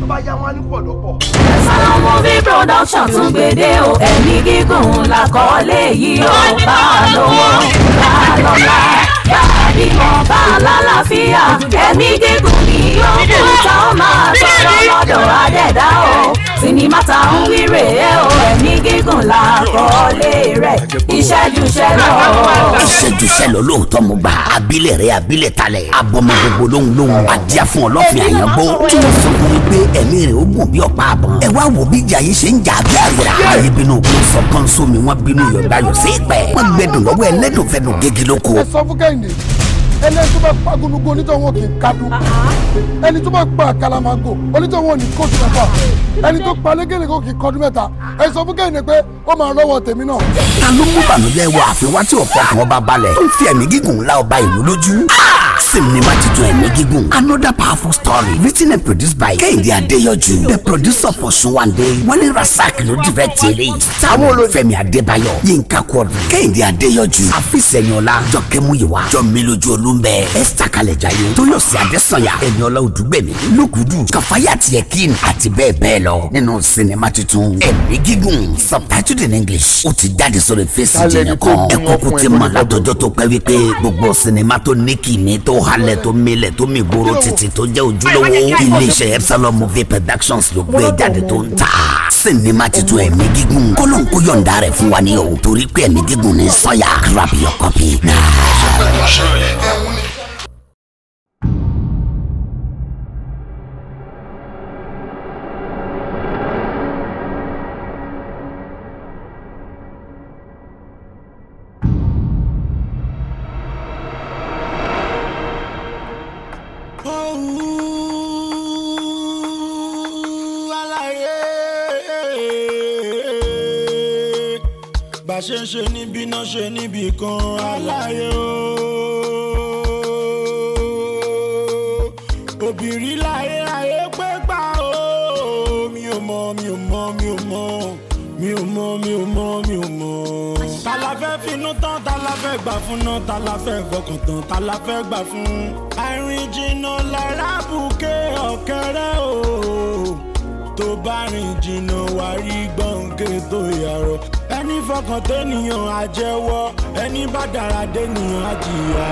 tó bá yá wọn ní pọ̀lọ́pọ̀. Sọ́lá movie production tún gbèdé o ẹ̀mí gígùn làkọ́ọ́lé yìí ó bá a lówó bá a lọ́la bímọ bá a lálàáfíà ẹ̀mí gígùn ni yóò kú ta ó máa tọrọ lọ́dọ̀ àdẹ̀dá o sinimá ta ń wíre ẹ o ẹ̀mí gígùn la kọ́lé rẹ̀ ìṣẹ́júṣẹ́ lọ. ìṣẹ́júṣẹ́ lọ lóòótọ́ mo gbà abilẹ̀ rẹ̀ abilẹ̀ talẹ̀ abọ́mọ gbogbo lóhùn lóhùn àdíá fún ọlọ́fin àyàngbó tí wọ́n sọ fún mi pé ẹ̀mí rẹ̀ ó gùn bí ọ̀pá àbọ̀n ẹ wá wò bí ìjà ṣe ń jà bí àgbà ayé bínú kò sọ kán sómi wọ́n bínú yọ̀gbá yọ̀ sí ìpẹ́ wọ́n gbẹdùn lọ́wọ́ ẹlẹ́dùn fẹ́dùn lóko. ẹ sọ fún kẹ́hìndé ẹni tó bá pa gúnugún onítọ̀hún kì í kadu uh-huh. ẹni tó bá pa kalamago onítọ̀hún ní kóòtù mẹ́fà uh-huh. ẹni tó pa lẹ́gẹ̀rẹ̀ kò kì mẹ́ta ẹ sọ fún kẹ́hìndé pé ó máa lọ́wọ́ tèmi náà. ta ló mú bànújẹ́ wọ àfiwá tí ọ̀fọ̀ kan ọba balẹ̀ tó ń fi ẹ̀mí gígùn lá ọba ìlú lójú. Ah! sim ni má titun ẹ̀mí gígùn another powerful story written and produced by Kehinde adéyọjú the producer for sunwande wálé rasak ló dìbẹ́ tẹ̀lé táwọn olófẹ́mi adébáyọ̀ yínká kọ́ọ̀dù kẹ́hìndé adéyọjú àfíìsẹ̀yìnọlá jọkẹ́ múyìwá jọmílójú olúmbẹ Esther kalẹ̀jáyé tóyọ̀sí adésànyà ẹ̀yìnọlá òdùgbẹ̀mí lókùdù kàfáyà tiẹ̀kín àti bẹ́ẹ̀ bẹ́ẹ̀ lọ nínú sinimá tuntun ẹ̀mí gígùn subtitled in english ó ti jáde sórí fèsì jìnnà kan ẹ̀kọ́kù ti mọ̀ látọjọ́ tó pẹ́ wípé gbogbo sinimá tó ní kìíní tó halẹ̀ tó milẹ̀ tó mi gbòòrò títì tó jẹ́ ojúlówó iléeṣẹ́ epsilon movie productions ló gbé jáde tó ń tà sinima titun ẹ̀mí gígùn kọ́lọ́n kó yọ̀ǹda rẹ̀ fún wa ní o torí pé ẹ̀mí gígùn ní sọ́yà grab your copy now. obìnrin láyé ayé pé pa o mi ò mọ mi ò mọ mi ò mọ mi ò mọ mi ò mọ mi ò mọ. ta la fẹ́ finú tán ta la fẹ́ gbà fún náà ta la fẹ́ gbọ́kàn tán ta la fẹ́ gbà fún. àìrìn jìnnà lára bùkẹ́ ọ̀kẹ́rẹ́ o tó bá rìn jìnnà wà rí gbọ̀ǹkẹ́ tó yàrá ẹni fọkàn tẹ́nìyàn àjẹwọ́ ẹni bá dára dẹ́nìyàn àjìyà.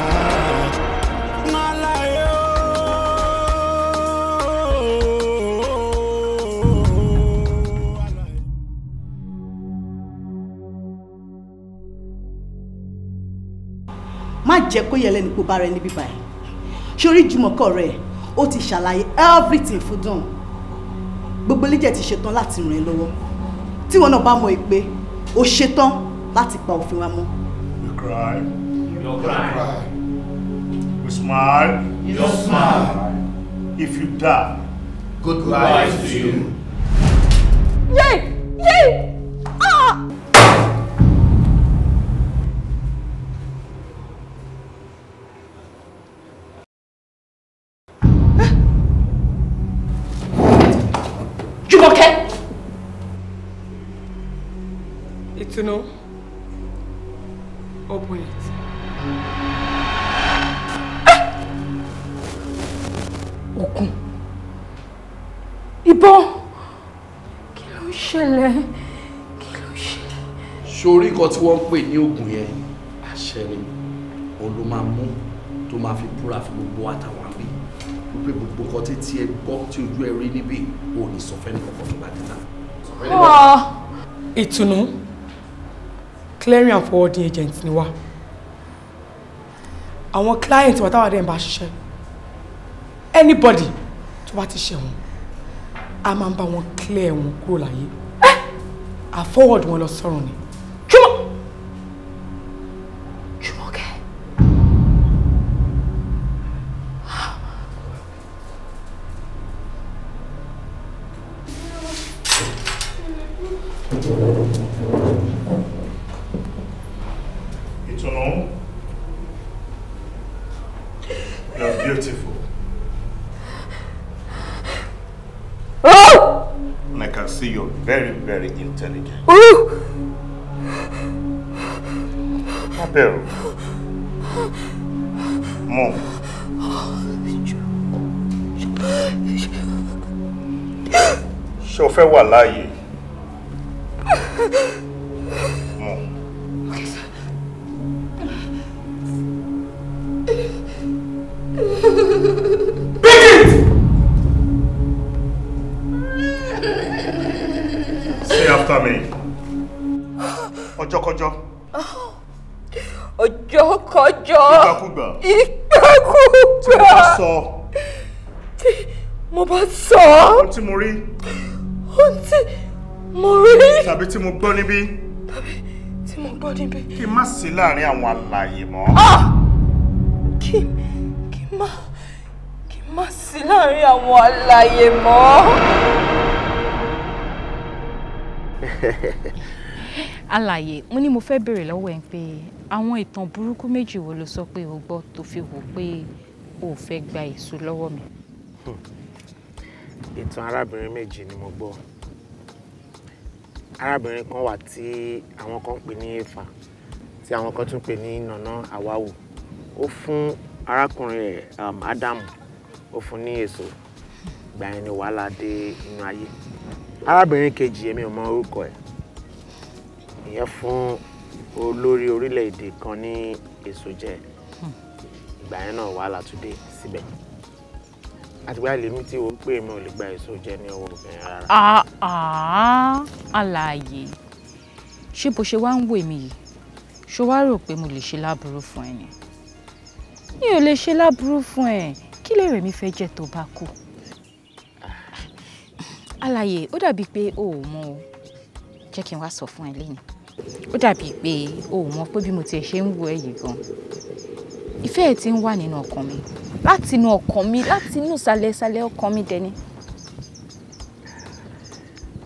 jẹ́ kó yẹ lẹ́nu kó bá rẹ níbí báyìí sórí jùmọ̀kọ́ rẹ ó ti ṣàlàyé everything fún dùn gbogbo eléjẹ ti ṣetán láti ràn ẹ́ lọ́wọ́ tí wọn náà bá mọ̀ ẹ́ ó ṣetán láti pa òfin wa mọ́. you cry you cry you smile you smile if you die good goodbye to you. yay. to know? Open it. Òkun. Ìbọn. Kí ló ń ṣẹlẹ̀? Kí ló ń ṣẹlẹ̀? Ṣorí kan tí wọ́n ń pè ní oògùn yẹn, àṣẹ ni. Òun ló máa mú tó máa fi búra fún gbogbo àtàwọn àbí. Wípé gbogbo kan tí tí ẹ gbọ́ tí ojú ẹ rí níbí, òun ní sọ fẹ́ ní kọ̀ọ̀kan tó bá dé ta. Ah! Ìtùnú clearing and forwarding agent ni wá àwọn client wa táwọn àdéhùn bá ṣiṣẹ́ anybody tó bá ti ṣe wọn a máa ń bá wọn clear wọn kúrò láyé a forward wọn lọ sọ́run ni. intelligent. Má bẹ̀rù. Mú. Ṣé o fẹ́ wà tí mo gbọ́ níbí. tàbí tí mo gbọ́ níbí. kí n má sí láàrin àwọn alààyè mọ́. Ah! kí kí n má kí n má sí láàrin àwọn alààyè mọ́. alààyè mo ní mo fẹ́ béèrè lọ́wọ́ ẹ̀ pé àwọn ìtàn burúkú méjì wo ló sọ pé o gbọ́ tó fi wò pé o ò fẹ́ gba èso lọ́wọ́ mi. Hmm. ìtàn arábìnrin méjì ni mo gbọ́ arábìnrin kan wà tí àwọn kan ń pè ní Efa tí àwọn kan tún pè ní Nana Awawu ó fún arákùnrin rẹ̀ um, Ádámù ó fún ní èso ìgbà yẹn ni wàhálà dé inú ayé arábìnrin kejì èmi ò mọ orúkọ ẹ̀ ìyẹn fún olórí orílẹ̀-èdè kan ní èso jẹ hmm. ìgbà yẹn náà wàhálà tún dé síbẹ̀ àtìgbà lèmi tí o pé mi ò lè gba èso jẹ ní ọwọ́ obìnrin rárá. àá alààyè ṣé bó ṣe wá ń wò mí yìí ṣó wá rò pé mo lè ṣe láburú fún ẹ ni mi ò lè ṣe láburú fún ẹ kí lè rẹ̀ mi fẹ́ jẹ́ tó bá kú. alààyè ó dàbí pé o ò mọ o jẹ́ kí n wá sọ fún ẹ lẹ́yìn ó dàbí pé o ò mọ pé bí mo tiẹ̀ ṣe ń wo ẹ yìí gan ìfẹ́ ẹ ti ń wà nínú ọkàn mi láti inú ọkàn mi láti inú ìsàlẹ̀ ìsàlẹ̀ ọkàn mi dẹ̀ ni.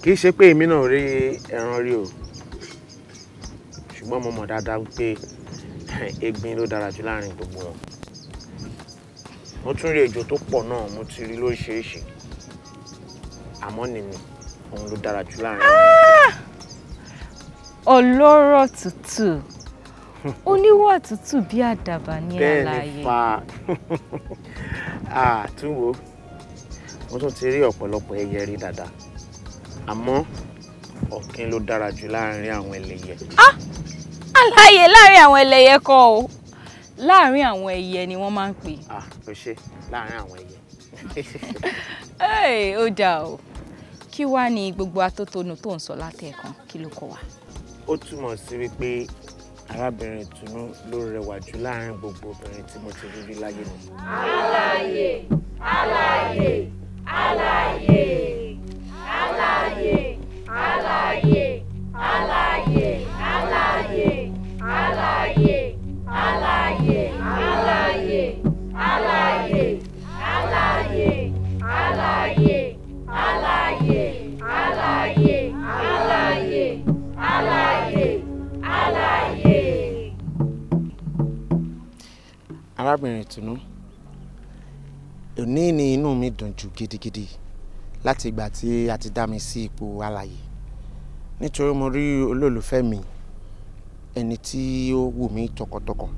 kì í ṣe pé èmi náà rí ẹran rí o ṣùgbọ́n mo mọ̀ dáadáa pé egbin ló dára jù láàrin gbogbo wọn mo tún rí ejò tó pọ̀ náà mo ti rí lóríṣiríṣi àmọ́ nìmi òun ló dára jù láàrin wọn. Ah! olóró oníwà tútù bí àdàbà ní àlàyé bẹ́ẹ̀ ni fa àtúnwò mo tún ti rí ọ̀pọ̀lọpọ̀ ẹyẹ rí dáadáa àmọ́ ọ̀kín ló dára jù láàrin àwọn ẹlẹ́yẹ. àlàyé láàrin àwọn ẹlẹ́yẹ kọ́ o láàrin àwọn ẹyẹ ni wọ́n máa ń pè. ó ah, ṣe láàrin àwọn ẹyẹ. ó dáa o kí wàá ní gbogbo atótónu tó ń sọ látẹ̀ẹ̀kan kí ló kọ wa. ó túmọ̀ sí wípé arábìnrin ìtùnú ló rẹwà jù láàrin gbogbo obìnrin tí mo ti rí rí láyé mi. alààyè alààyè arábìnrin Tùnú òní ni inú mi dùn jù gidigidi láti ìgbà tí a ti dá mi sí ipò alàyè nítorí mo rí olólùfẹ́ mi ẹni tí ó wù mí tọkàntọkàn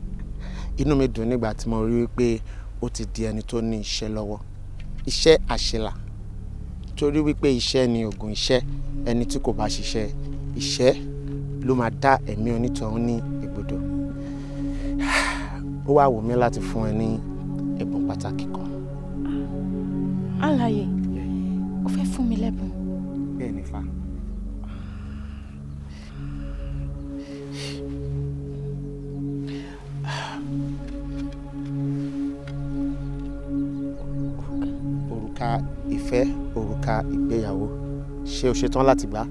inú mi dùn nígbà tí mo rí pé ó ti di ẹni tó ní iṣẹ́ lọ́wọ́ iṣẹ́ àṣelà torí wípé iṣẹ́ ni ògùn iṣẹ́ ẹni tí kò bá ṣiṣẹ́ iṣẹ́ ló máa dá ẹ̀mí onítọ̀hún ní ó wá wù mí láti fún ẹ ní ẹ̀bùn pàtàkì kan. àlàyé ó fẹ́ fún mi lẹ́bùn. bẹ́ẹ̀ ni fa. òrùka ìfẹ́ òrùka ìgbéyàwó ṣé o ṣetán láti gbà.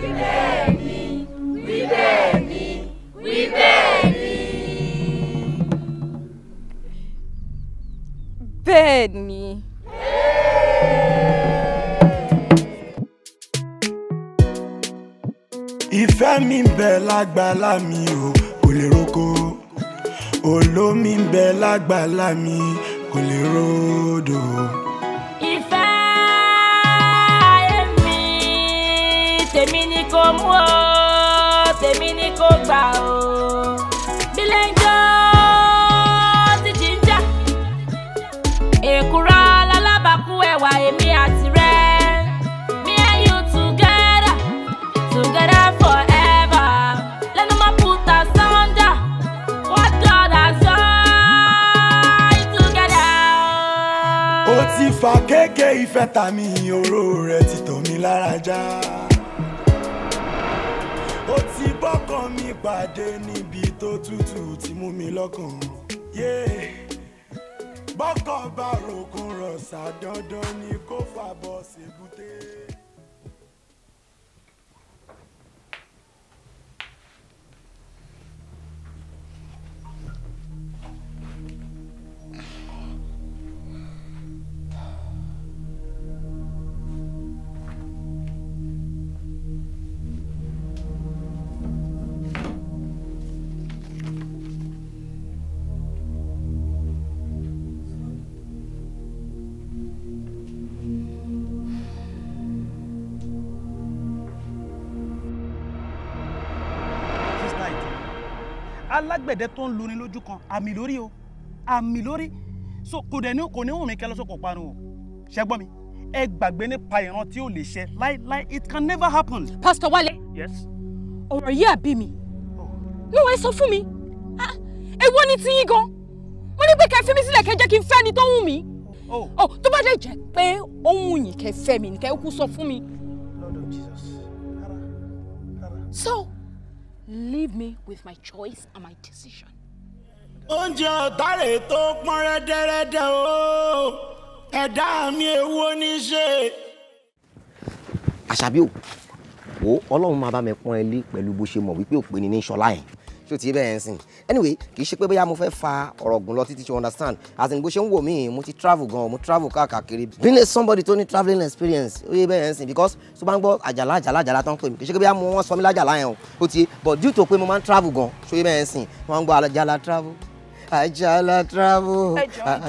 wíbẹ̀ mi wíbẹ̀. bẹ́ẹ̀ ìfẹ́ mi ń bẹ lágbàlá mi o kò lè roko olómi ń bẹ lágbàlá mi kò lè rodò. ìfẹ́ mi tèmi ni kò mú o tèmi ni kò gbà o. ìfẹ́ ta mi oró rẹ̀ ti tò mí lára já. ó ti bọ́kàn mi pàdé níbi tó tútù ti mú mi lọ́kàn. bọ́kàn bá ròkun rọ̀ sá dandan ni kó fàbọ̀ ṣèbúté. alágbẹ̀dẹ tó ń luni lójú kan àmì lórí o àmì lórí so kò dẹ̀ ní kò ní wùn mí kẹ́ lọ́sọ̀kọ̀ parun o ṣẹ́gbọ́n mi ẹ gbàgbé nípa ìran tí ò lè ṣe láíláí it can never happen. Pastor Wale. yes. ọ̀rọ̀ yìí àbí mi. ní wàá sọ fún mi ewu ah, ni ti yín gan mo ní pé kẹ́ fi mí sílẹ̀ kẹ́ jẹ́ kí n fẹ́ ni tó wù mí. ọ oh. oh, tó bá dẹ̀ jẹ́ pé ó wù yín kẹ́ fẹ́ mi ni kẹ́ kú sọ fún mi. Lord of so leave me with my choice and my decision. oúnjẹ ọ̀tàrè tó pọ́n rẹ́dẹ́rẹ́dẹ́ o ẹ̀dá mi èwo ní ṣe. àṣàbí o ọlọ́run máa bá mi pọ́n ẹ lé pẹ̀lú bó ṣe mọ̀ wípé òpè ni ní ṣọlá yẹn ṣó ti bẹ́ẹ̀ sìn anyway kì í ṣe pé bóyá mo fẹ́ fa ọ̀rọ̀ gùn lọ títí to understand as in bó ṣe ń wò mí mo ti travel gan mo travel káàkiri being a somebody tó ní travelling experience ó yẹ bẹ́ẹ̀ sìn because tó bá ń gbọ́ àjàlá àjàlá àjàlá tó ń pè mí kì í ṣe pé bóyá mo wọ́n sọ mí lájàlá yẹn o ó ti but due to pé mo máa ń travel gan ṣó yẹ bẹ́ẹ̀ ń sìn wọ́n ń gbọ́ àjàlá travel àjàlá travel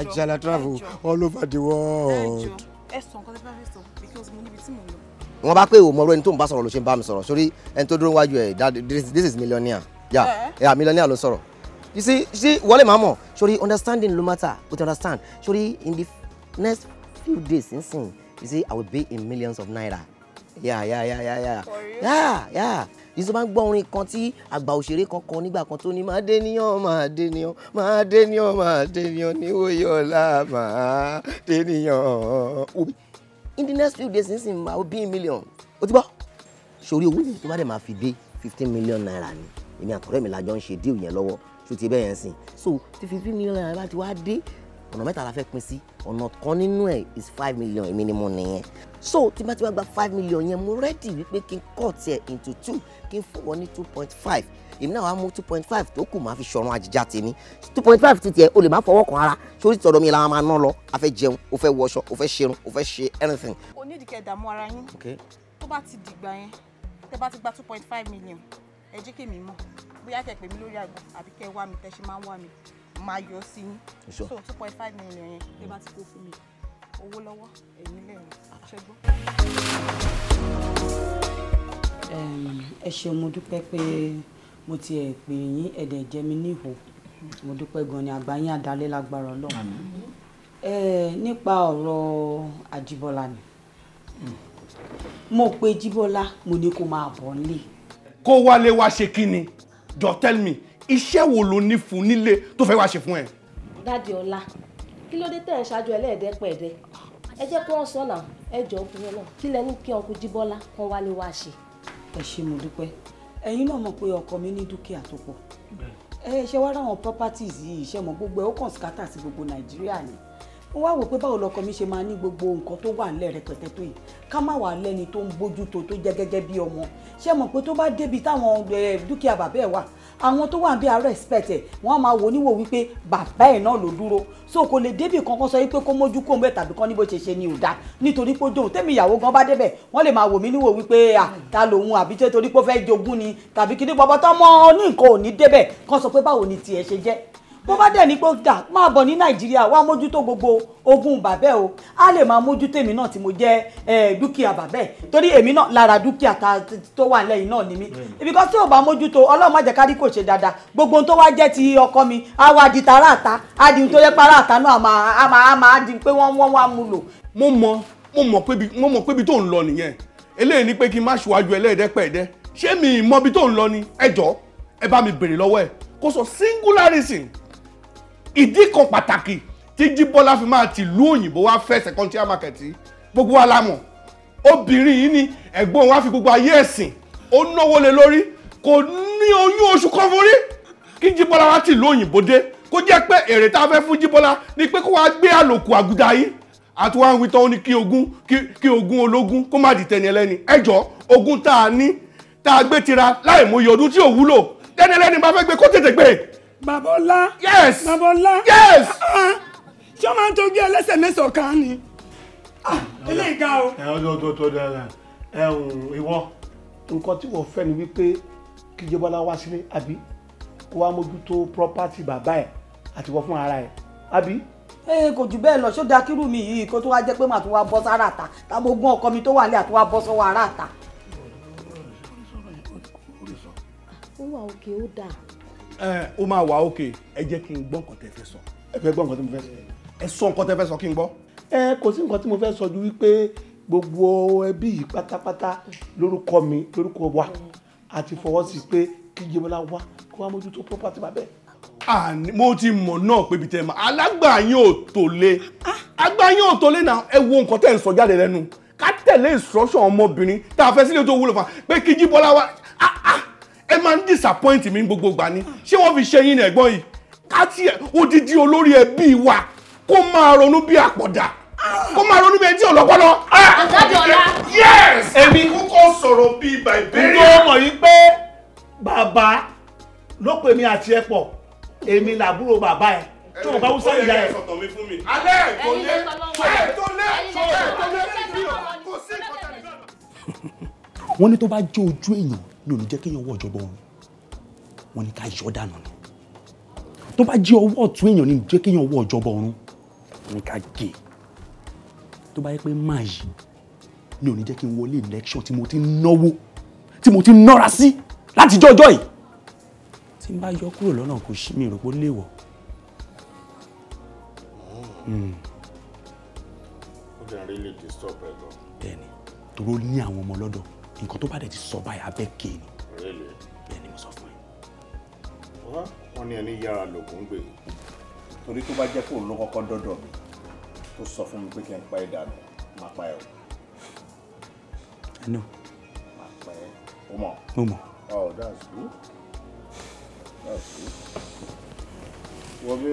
àjàlá travel all over the world. ẹ sọ nǹkan tó bá fẹ́ sọ because mo níbi tí mò ń lọ. wọ́n bá pé òun ẹni tó ń bá sọ̀rọ̀ ló ṣe ń bá mi sọ̀rọ̀ sórí ẹni tó dúró wájú ẹ̀ this is millionaire yeah yeah millionaire ló sọ̀rọ̀ you see see wale màá mọ̀ understanding no matter o understand sori in the next few days nsìn you see i will be in millions of naira yeah yeah yeah yeah yeah yeah yeah You tó man, ń gbọ́ orin kan tí àgbà òṣèré kan kọ nígbà kan tó ní ma dé níyàn máa dé níyàn ni dé níyàn máa dé níyàn in the next few days nísìnyí I will be in million. gbọ́ sori owó we, tó bá dẹ̀ máa fi dé fifteen million naira èmi àtọ̀rẹ́ mi làjọ ń ṣe díò yẹn lọ́wọ́ ṣó ti bẹ́ẹ̀ yẹn sìn so tí fifty million naira bá ti wá dé ọ̀nà mẹ́ta la fẹ́ pín sí ọ̀nà kan nínú ẹ̀ is five million èmi ni mo nìyẹn so tí bá ti wá gba five million yẹn mo rẹ́dì wípé kí n cut ẹ̀ into two kí n fún ní two point five èmi náà wàá mú two point five tó kù máa fi ṣọ̀run àjíjá tèmi two point five ti tiẹ̀ o lè má fọwọ́ kan ara sórí tọ̀dọ̀ mi làwọn máa ná lọ a fẹ́ jẹun o fẹ́ wọṣọ o fẹ́ ṣerun o fẹ́ ṣe anything. onídìí kẹ́ ara yín tó bá ti dìgbà yẹn tẹ́ bá ti gba two point five million ẹ jẹ́ kèmí mọ̀ bóyá kẹ́ pè mí lórí àgbo àbí kẹ́ wá mi tẹ́ṣí máa ń wá mi máa yọ sí yín so two point five million yẹn ẹ bá ti kó fún mi owó lọ́wọ́ ẹ̀yìn lẹ́yìn ṣẹ́gbọ́n. ẹ ṣeun mo dúpẹ́ pé mo ti ẹ̀ pè yín ẹ̀dẹ̀ jẹ́ mi níhò mo dúpẹ́ gan ni àgbáyé àdálẹ́ lágbára ọlọ́run nípa ọ̀rọ̀ àjíbọ́lá ni mo pe jíbọ́lá mo ní kó máa bọ̀ nílé kó wálé wá ṣe kí ni jọ tell me iṣẹ́ wo ló ní fún nílé tó fẹ́ wá ṣe fún ẹ. dáàdi ọlá kí ló dé tẹ̀ ẹ́ ṣáájú ẹlẹ́ẹ̀dẹ́pẹ̀ẹ́dẹ́ ẹ jẹ́ kí wọ́n sọ̀nà ẹ jọ ọkùnrin náà kí lẹ́nu kí ọkù jíbọ́lá kan wálé wá ṣe. ẹ ṣé mo dúpẹ́ ẹ̀yin náà mọ̀ pé ọkọ mi ní dúkìá tó pọ̀ ẹ ṣe wá ráwọn properties yìí ṣe mọ̀ gbogbo ẹ̀ ó kàn skátà sí gbogbo nàìjíríà ni ó wá wò pé báwo lọkọ mi ṣe máa ní gbogbo nǹkan tó wà nílẹ̀ rẹpẹtẹ tó yìí ká má wà lẹ́ni tó ń bójú tó tó jẹ́ gẹ́gẹ́ bí ọmọ ṣé mọ̀ pé tó bá débi táwọn dúkìá bàbá ẹ̀ wà àwọn tó wà bí àárọ̀ expect ẹ̀ wọ́n máa wò níwò wípé bàbá ẹ̀ náà ló dúró so kò lè débi kankan sọ wípé kó mójú kó mbẹ́ tàbí kan ní bó ṣe ṣe ni ò dá nítorí pé dòun tẹ́mi ìyàwó gan bá débẹ̀ wọ́n lè máa wò mí níwò wípé à ta lòun àbí tó torí pé ó fẹ́ jogún ni tàbí kí ní pọpọ tán mọ́ ọ ní nǹkan ò ní débẹ̀ kan sọ pé báwo ni tiẹ̀ ṣe jẹ́ bó bá dẹ̀ ní pé dà máa bọ̀ ní nàìjíríà wá mójútó gbogbo ogún bàbẹ́ o á lè máa mójútó èmi náà tí mo jẹ́ dúkìá bàbẹ́ torí èmi náà lára dúkìá tó wà lẹ́yìn náà ni mí because tí ò bá mójútó ọlọ́run má jẹ́ kárí kò ṣe dáadáa gbogbo tó wá jẹ́ ti ọkọ mi á wá di tara àta á di tó yẹ para àta náà á máa á máa di pé wọ́n wọ́n wá mu lò. mo mọ mo mọ pébi mo mọ pébi tó ń lọ nìyẹn eléyìí ni pé kí n má ṣùwájú ẹlẹ́ẹ̀dẹ́pẹ̀ẹ́dẹ́ ṣé mi ì mọbi tó ń lọ ni ẹ jọ ẹ bá mi béèrè lọ́wọ́ ẹ̀ kó sọ singular reason ìdí kan pàtàkì tí Jíbọ́lá fi máa tìlú òyìnbó wá fẹ́ secondary market gbogbo wa la mọ̀ obìnrin yìí ni ẹ̀gbọ́n wa fi gbogbo ayé ẹ̀sìn ó náwó lé lórí kò ní oyún oṣù kan fún rí kí Jíbọ́lá wá tìlú òyìnbó dé kó jẹ́ pé èrè tá a fẹ́ fún Jíbọ́lá ni pé kó wá gbé àlòkù àgùdà yìí àti wá ń wí tán ní kí ogún kí ogún ológun kó má dìtẹ̀ ní ẹlẹ́ni ẹjọ́ ogún tá a ní tá a gbé tira láì mọ iye ọdún tí ò wúlò tẹ́ni ẹlẹ́ni bá fẹ́ gbé kó tètè gbé bàbá yes bàbá yes. Ah, ah. ṣé o máa ń tojú ẹlẹ́sẹ̀ mẹ́sàn-án kan ni. Ah, ilé ìga o. ẹ ọdún ọdún ọdún ọdún ẹhùn ìwọ nǹkan tí wọ́n fẹ́ ni wípé kíjọba la wá sílé àbí kó wá mójútó property bàbá ẹ̀ àti wọ́n fún ara ẹ̀ àbí. ee kò jù bẹ́ẹ̀ lọ ṣó dáa kírú mi yìí kó tó wá jẹ́ pé màá tún wá bọ́ sára ta tábó gún ọkọ mi tó wà lé àtúwá bọ́ sọ́wọ́ ara ta. ó wà òkè ó dáa ẹ ó máa wà ókè ẹ jẹ́ kí n gbọ́ nǹkan tẹ́ fẹ́ sọ. ẹ fẹ́ gbọ́ nǹkan tí mo fẹ́ sọ. ẹ sọ nǹkan tẹ́ fẹ́ sọ kí n gbọ́. ẹ kò sí nǹkan tí mo fẹ́ sọ ju wípé gbogbo ẹbí yìí pátápátá lórúkọ mi lórúkọ wa àti fọwọ́ sí pé kí jẹ́bọ́lá wá kó wá mójútó property bàbẹ́ àní mo ti mọ̀ náà pé ibi tẹ́ ma alágbà yín ò tó lé agbá yín ò tó lé náà ẹ wo nǹkan tẹ́ ń sọ jáde lẹ́nu ká tẹ̀lé instruction ọmọbìnrin tá a fẹ́ sílé tó wúlò fún wa pé kí jíbọ́lá wa ah, ah ẹ máa ń disappoint mi gbogbo gbà ni ṣé wọ́n fi ṣe yín ní ẹ̀gbọ́n yìí káàtì ẹ̀ odidi olórí ẹbí wa kó máa ronú bí àpọ̀dà kó máa ronú bí ẹni tí ò lọ́pọ́lọ́. Ah, àgbàdọ̀la. yes èmi kúkọ sọ̀rọ̀ bíi bàìbéèrè. n tó mọ̀ yí pé bàbá ló pè mí àti ẹ pọ̀ èmi làbúrò bàbá ẹ̀ tó o bá wúsá ìyá ẹ̀. alẹ́ ẹ̀ tó lé ẹ̀ tó lé ẹ̀ tó lé ẹ̀ tó lé kò sí ìkọ́tà nìkan. wọ́n ní tó bá jẹ́ ojú èèyàn mi ò ní jẹ́ kéèyàn wọ ìjọba ọ̀run wọn ni ká yọ dànù ni tó bá jẹ́ ọwọ́ ọ̀tún èèyàn ni jẹ́ kéèyàn wọ ìjọba ọ̀run wọn ni ká gé tó bá yẹ pé máa yìí mi ò ní jẹ́ kí n wọlé election tí mo ti ń náwó tí mo ti ń nọ́ra sí láti jọjọ́ yìí tí n bá yọ kúrò lọ́nà kò sí mi rò pé ó léèwọ̀. Hmm. ó dẹ̀ ń rí lè disturb ẹ̀ lọ. bẹ́ẹ̀ni toró ní àwọn ọmọ lọ́dọ̀ nǹkan tó bá dẹ̀ ti sọ báyìí abẹ́ ké e ni bẹ́ẹ̀ ni mo sọ fún ẹ. wọ́n ní ẹni yára lògùn gbé e. torí tó bá jẹ́ kó ló kọ́kọ́ dọ́dọ̀ mi tó sọ fún mi pé kí n pa ẹ̀ dànù máa pa ẹ̀ o. ẹnu. máa pa ẹ̀ o mọ̀. mo mọ̀. oh that's good that's good. wọ́n bí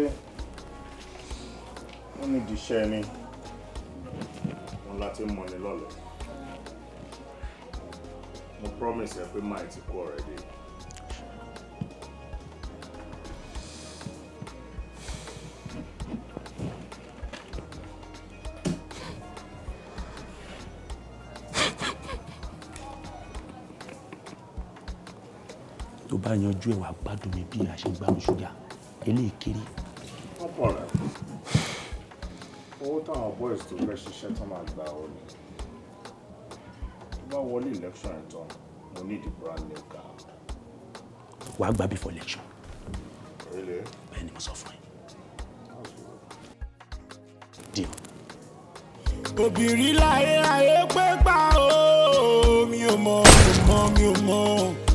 wọ́n ní ìdíṣẹ́ ni wọ́n láti mọ̀ ní lọ́lẹ̀ mo promise ẹ pé máa ti kú already. tó bá yanjú ẹ wà gbádùn mi bí a ṣe gbádùn ṣúgà eléyìí kiri. wọ́n pọ̀ rẹ̀ owó táwọn boys tó fẹ́ ṣiṣẹ́ tó máa gbà ó ni bá wọlé election ẹ̀ tán mo need brand new car. wàá gbà before election. Really? bẹ́ẹ̀ ni mo sọ fún ẹ. deal. obìnrin láyé ayé pé gbà ó mi ò mọ mi ò mọ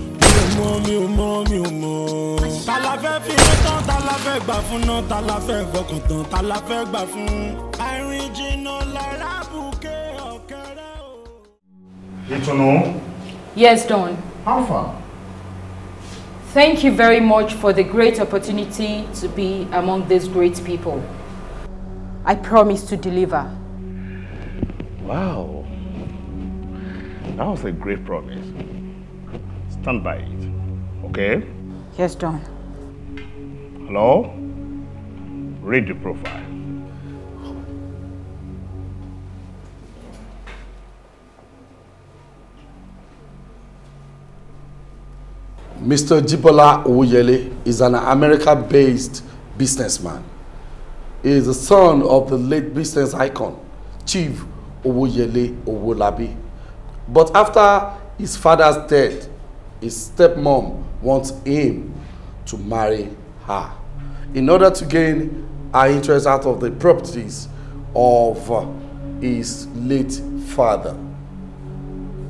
mi ò mọ mi ò mọ mi ò mọ mi ò mọ. ta fẹ́ fi tán ta fẹ́ gbà fún náà ta fẹ́ fọkàn tán ta fẹ́ gbà fún. Yes no? Yes, Don. How far? Thank you very much for the great opportunity to be among these great people. I promise to deliver. Wow. That was a great promise. Stand by it. Okay? Yes, Don. Hello? Read the profile. Mr. Jibola Oyele is an America-based businessman. He is the son of the late business icon, Chief Owoyele Owolabi. But after his father's death, his stepmom wants him to marry her in order to gain her interest out of the properties of uh, his late father.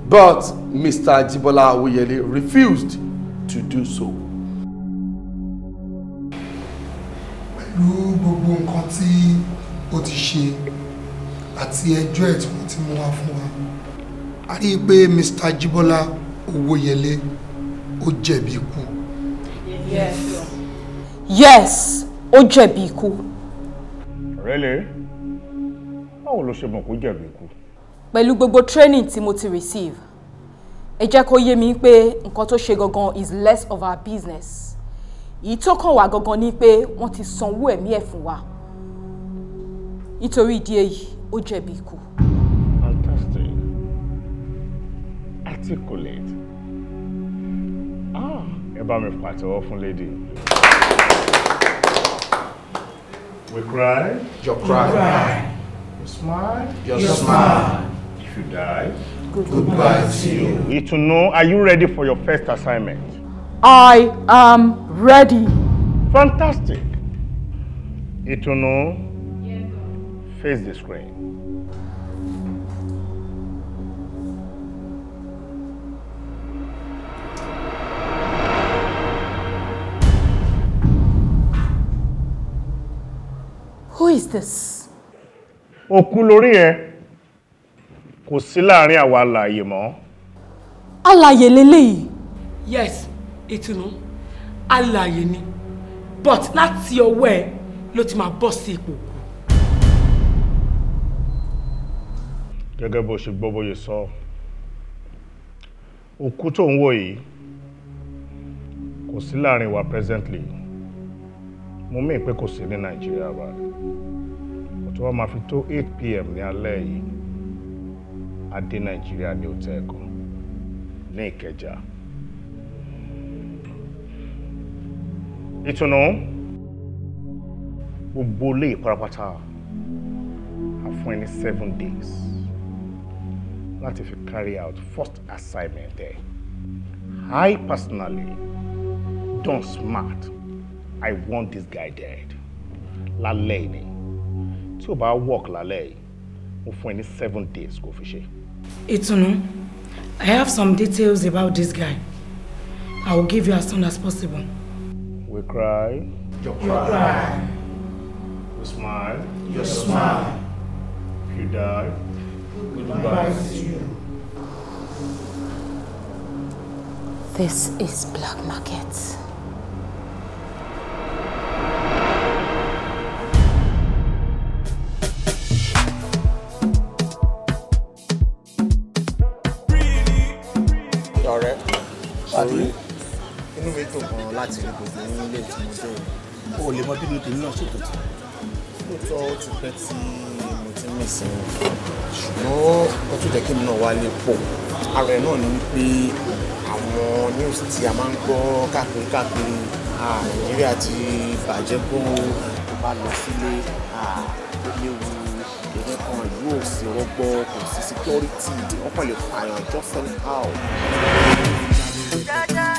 But Mr. Jibola Oyele refused to do so. pẹ̀lú gbogbo nǹkan tí o ti ṣe àti ẹjọ́ ẹ̀ tí wọ́n ti mú wá fún wa a rí i pé Mr. Jibola Owóyẹlé ó jẹ̀bi ikú. yes yes ó jẹ̀bi ikú. really báwo ló ṣe mọ̀ kó jẹ̀bi ikú. pẹ̀lú gbogbo training tí mo ti receive ẹ jẹ́ kó yé mi pé nǹkan tó ṣe gangan is less of our business èyí tó kàn wá gangan ni pé wọ́n ti sanwó ẹ̀mí ẹ̀ fún wa nítorí ìdí èyí ó jẹ̀bi ikú. articulate ah ẹ bá mi pàtẹ́wọ́ fún lady. we cry you cry, You smile you smile if you die. Goodbye to you. Itunu, are you ready for your first assignment? I am ready. Fantastic. Itunu, yes, face the screen. Who is this? Okulori, eh? kò sí láàrin àwa alààyè mọ́. alààyè leléyìí. yes ìtùnú alààyè ni but láti ọwọ́ ẹ ló ti máa bọ́ sí ipò. gẹ́gẹ́ bó ṣe gbọ́ bóyá sọ òkú tó ń wò yìí kò sí láàrin wa presently mo mí pé kò sí ní nàìjíríà báyìí kò tó máa fi tó eight pm ní alẹ́ yìí adé nàìjíríà ní òtẹ́ ẹ̀kọ́ ní ìkẹjà. ìtùnú gbogbo ilé Parapata. a fún seven days láti fi carry out first assignment ẹ I personally done smart I want this guy dead lálẹ́ yìí ni tí o bá work lálẹ́ yìí mo fún ẹ ní seven days kò fi ṣe. Itunu, I have some details about this guy. I will give you as soon as possible. We cry. You cry. cry. We smile. You smile. If you die, we advise you. This is black market. láti rí gbogbo yín lè tí mo o lè mọ bínú tèmi náà ṣètò tí. lóòótọ́ ó ti pẹ́ tí mo ti mí sí i ṣùgbọ́n ó tún jẹ́ kí mi náà wá pọ̀ ara ẹ̀ náà ni wípé àwọn news tí a máa ń gbọ́ káàkiri káàkiri nàìjíríà ti bàjẹ́ kó o bá lọ sílé ó léwu ìdílé kan ìlú òsì rọgbọ kò sí security wọ́n lè pààyàn just anyhow. Yeah,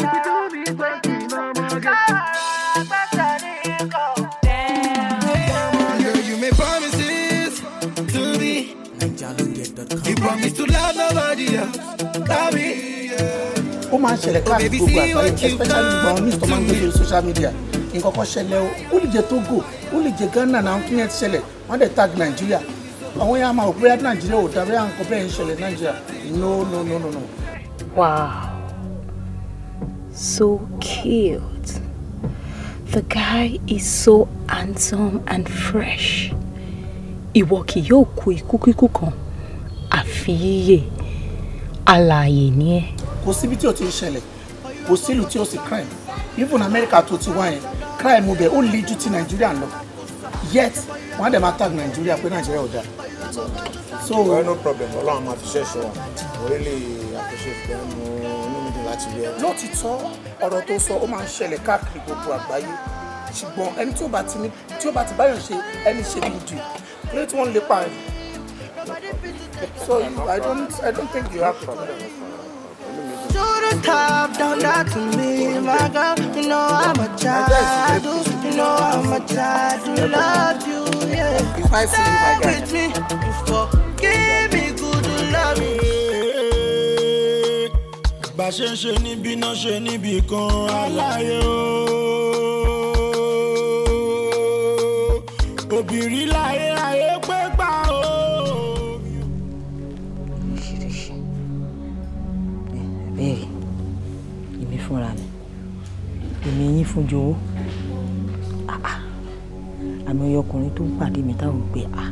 yeah, ó máa ń ṣẹlẹ̀ káàkiri gbogbo àgbáyé especially gbọ́n ní ìtọ́ máa ń social media nǹkan kan ṣẹlẹ̀ o ó lè jẹ́ Togo ó lè jẹ́ Ghana náà kí yẹn ti ṣẹlẹ̀ wọ́n dẹ̀ tag Nàìjíríà àwọn yẹn a máa rò pé Nàìjíríà ò dábẹ́ àwọn bẹ́ẹ̀ ń ṣẹlẹ̀ Nàìjíríà no no no no. Wow, so cute. The guy is so handsome and fresh. Ìwọ kì yóò kú ikú kíkú kan àfi yíyẹ alààyè ni ẹ. kò síbi tí o ti ń ṣẹlẹ̀ kò sílùú tí o sì crime even America tó ti wá yẹn crime ibẹ̀ ó le ju ti Nàìjíríà lọ yet wọ́n á dẹ̀ máa tag Nàìjíríà pé Nàìjíríà ò dáa. so well, no problem ọlọ́run máa fi ṣẹ́ṣọ orílẹ̀ àkọsí ìfẹ́ mu onímọ̀dé láti rí ẹ. lóòtítọ́ ọ̀rọ̀ tó sọ ó máa ń ṣẹlẹ̀ káàkiri gbogbo àgbáyé ṣùgbọ́n ẹni tí ó bá ti báyọ̀ ṣe ẹni ṣe bí dùn lórí tí So I don't, I don't think you have to. Do the top, to me, my girl. You know I'm a child. You know I'm a child. You love you, yeah. Stay with me, you forgive me, good to love me. Bá a ṣe ń ṣe níbí náà ṣe níbì kan aláyé o. Obìnrin yín fún jọ̀ọ́ ah, ah. àmì ọyọ ọkùnrin tó ń pàdé mi táwọn gbé a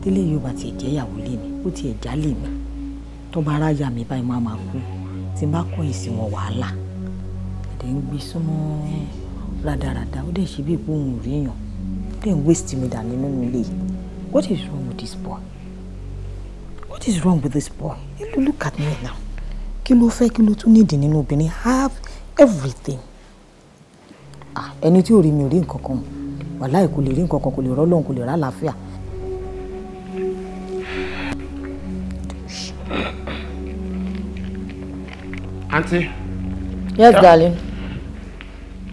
délé yóò tiẹ̀ jẹ́ ìyàwó lé mi ó tiẹ̀ já lé mi tó bá ara yà mí báyìí máa máa kú tí n bá kọ̀yìn sí wọn wàhálà ẹ̀dẹ̀ ń gbé súnmọ́ rádaràda ó dẹ̀ ṣe bí ipò òun ríyàn ó dẹ̀ ń waste mi dàní nínú ilé what is wrong with this boy what is wrong with this boy look at me now kí ló fẹ́ kí ló tún nídìí nínú obìnrin have everything ẹni tí ò rí mi ò rí nǹkan kan wàláì kò lè rí nǹkan kan kò lè rọ́lọ́hún kò lè rà láàfíà. aunty. yes yeah. darling.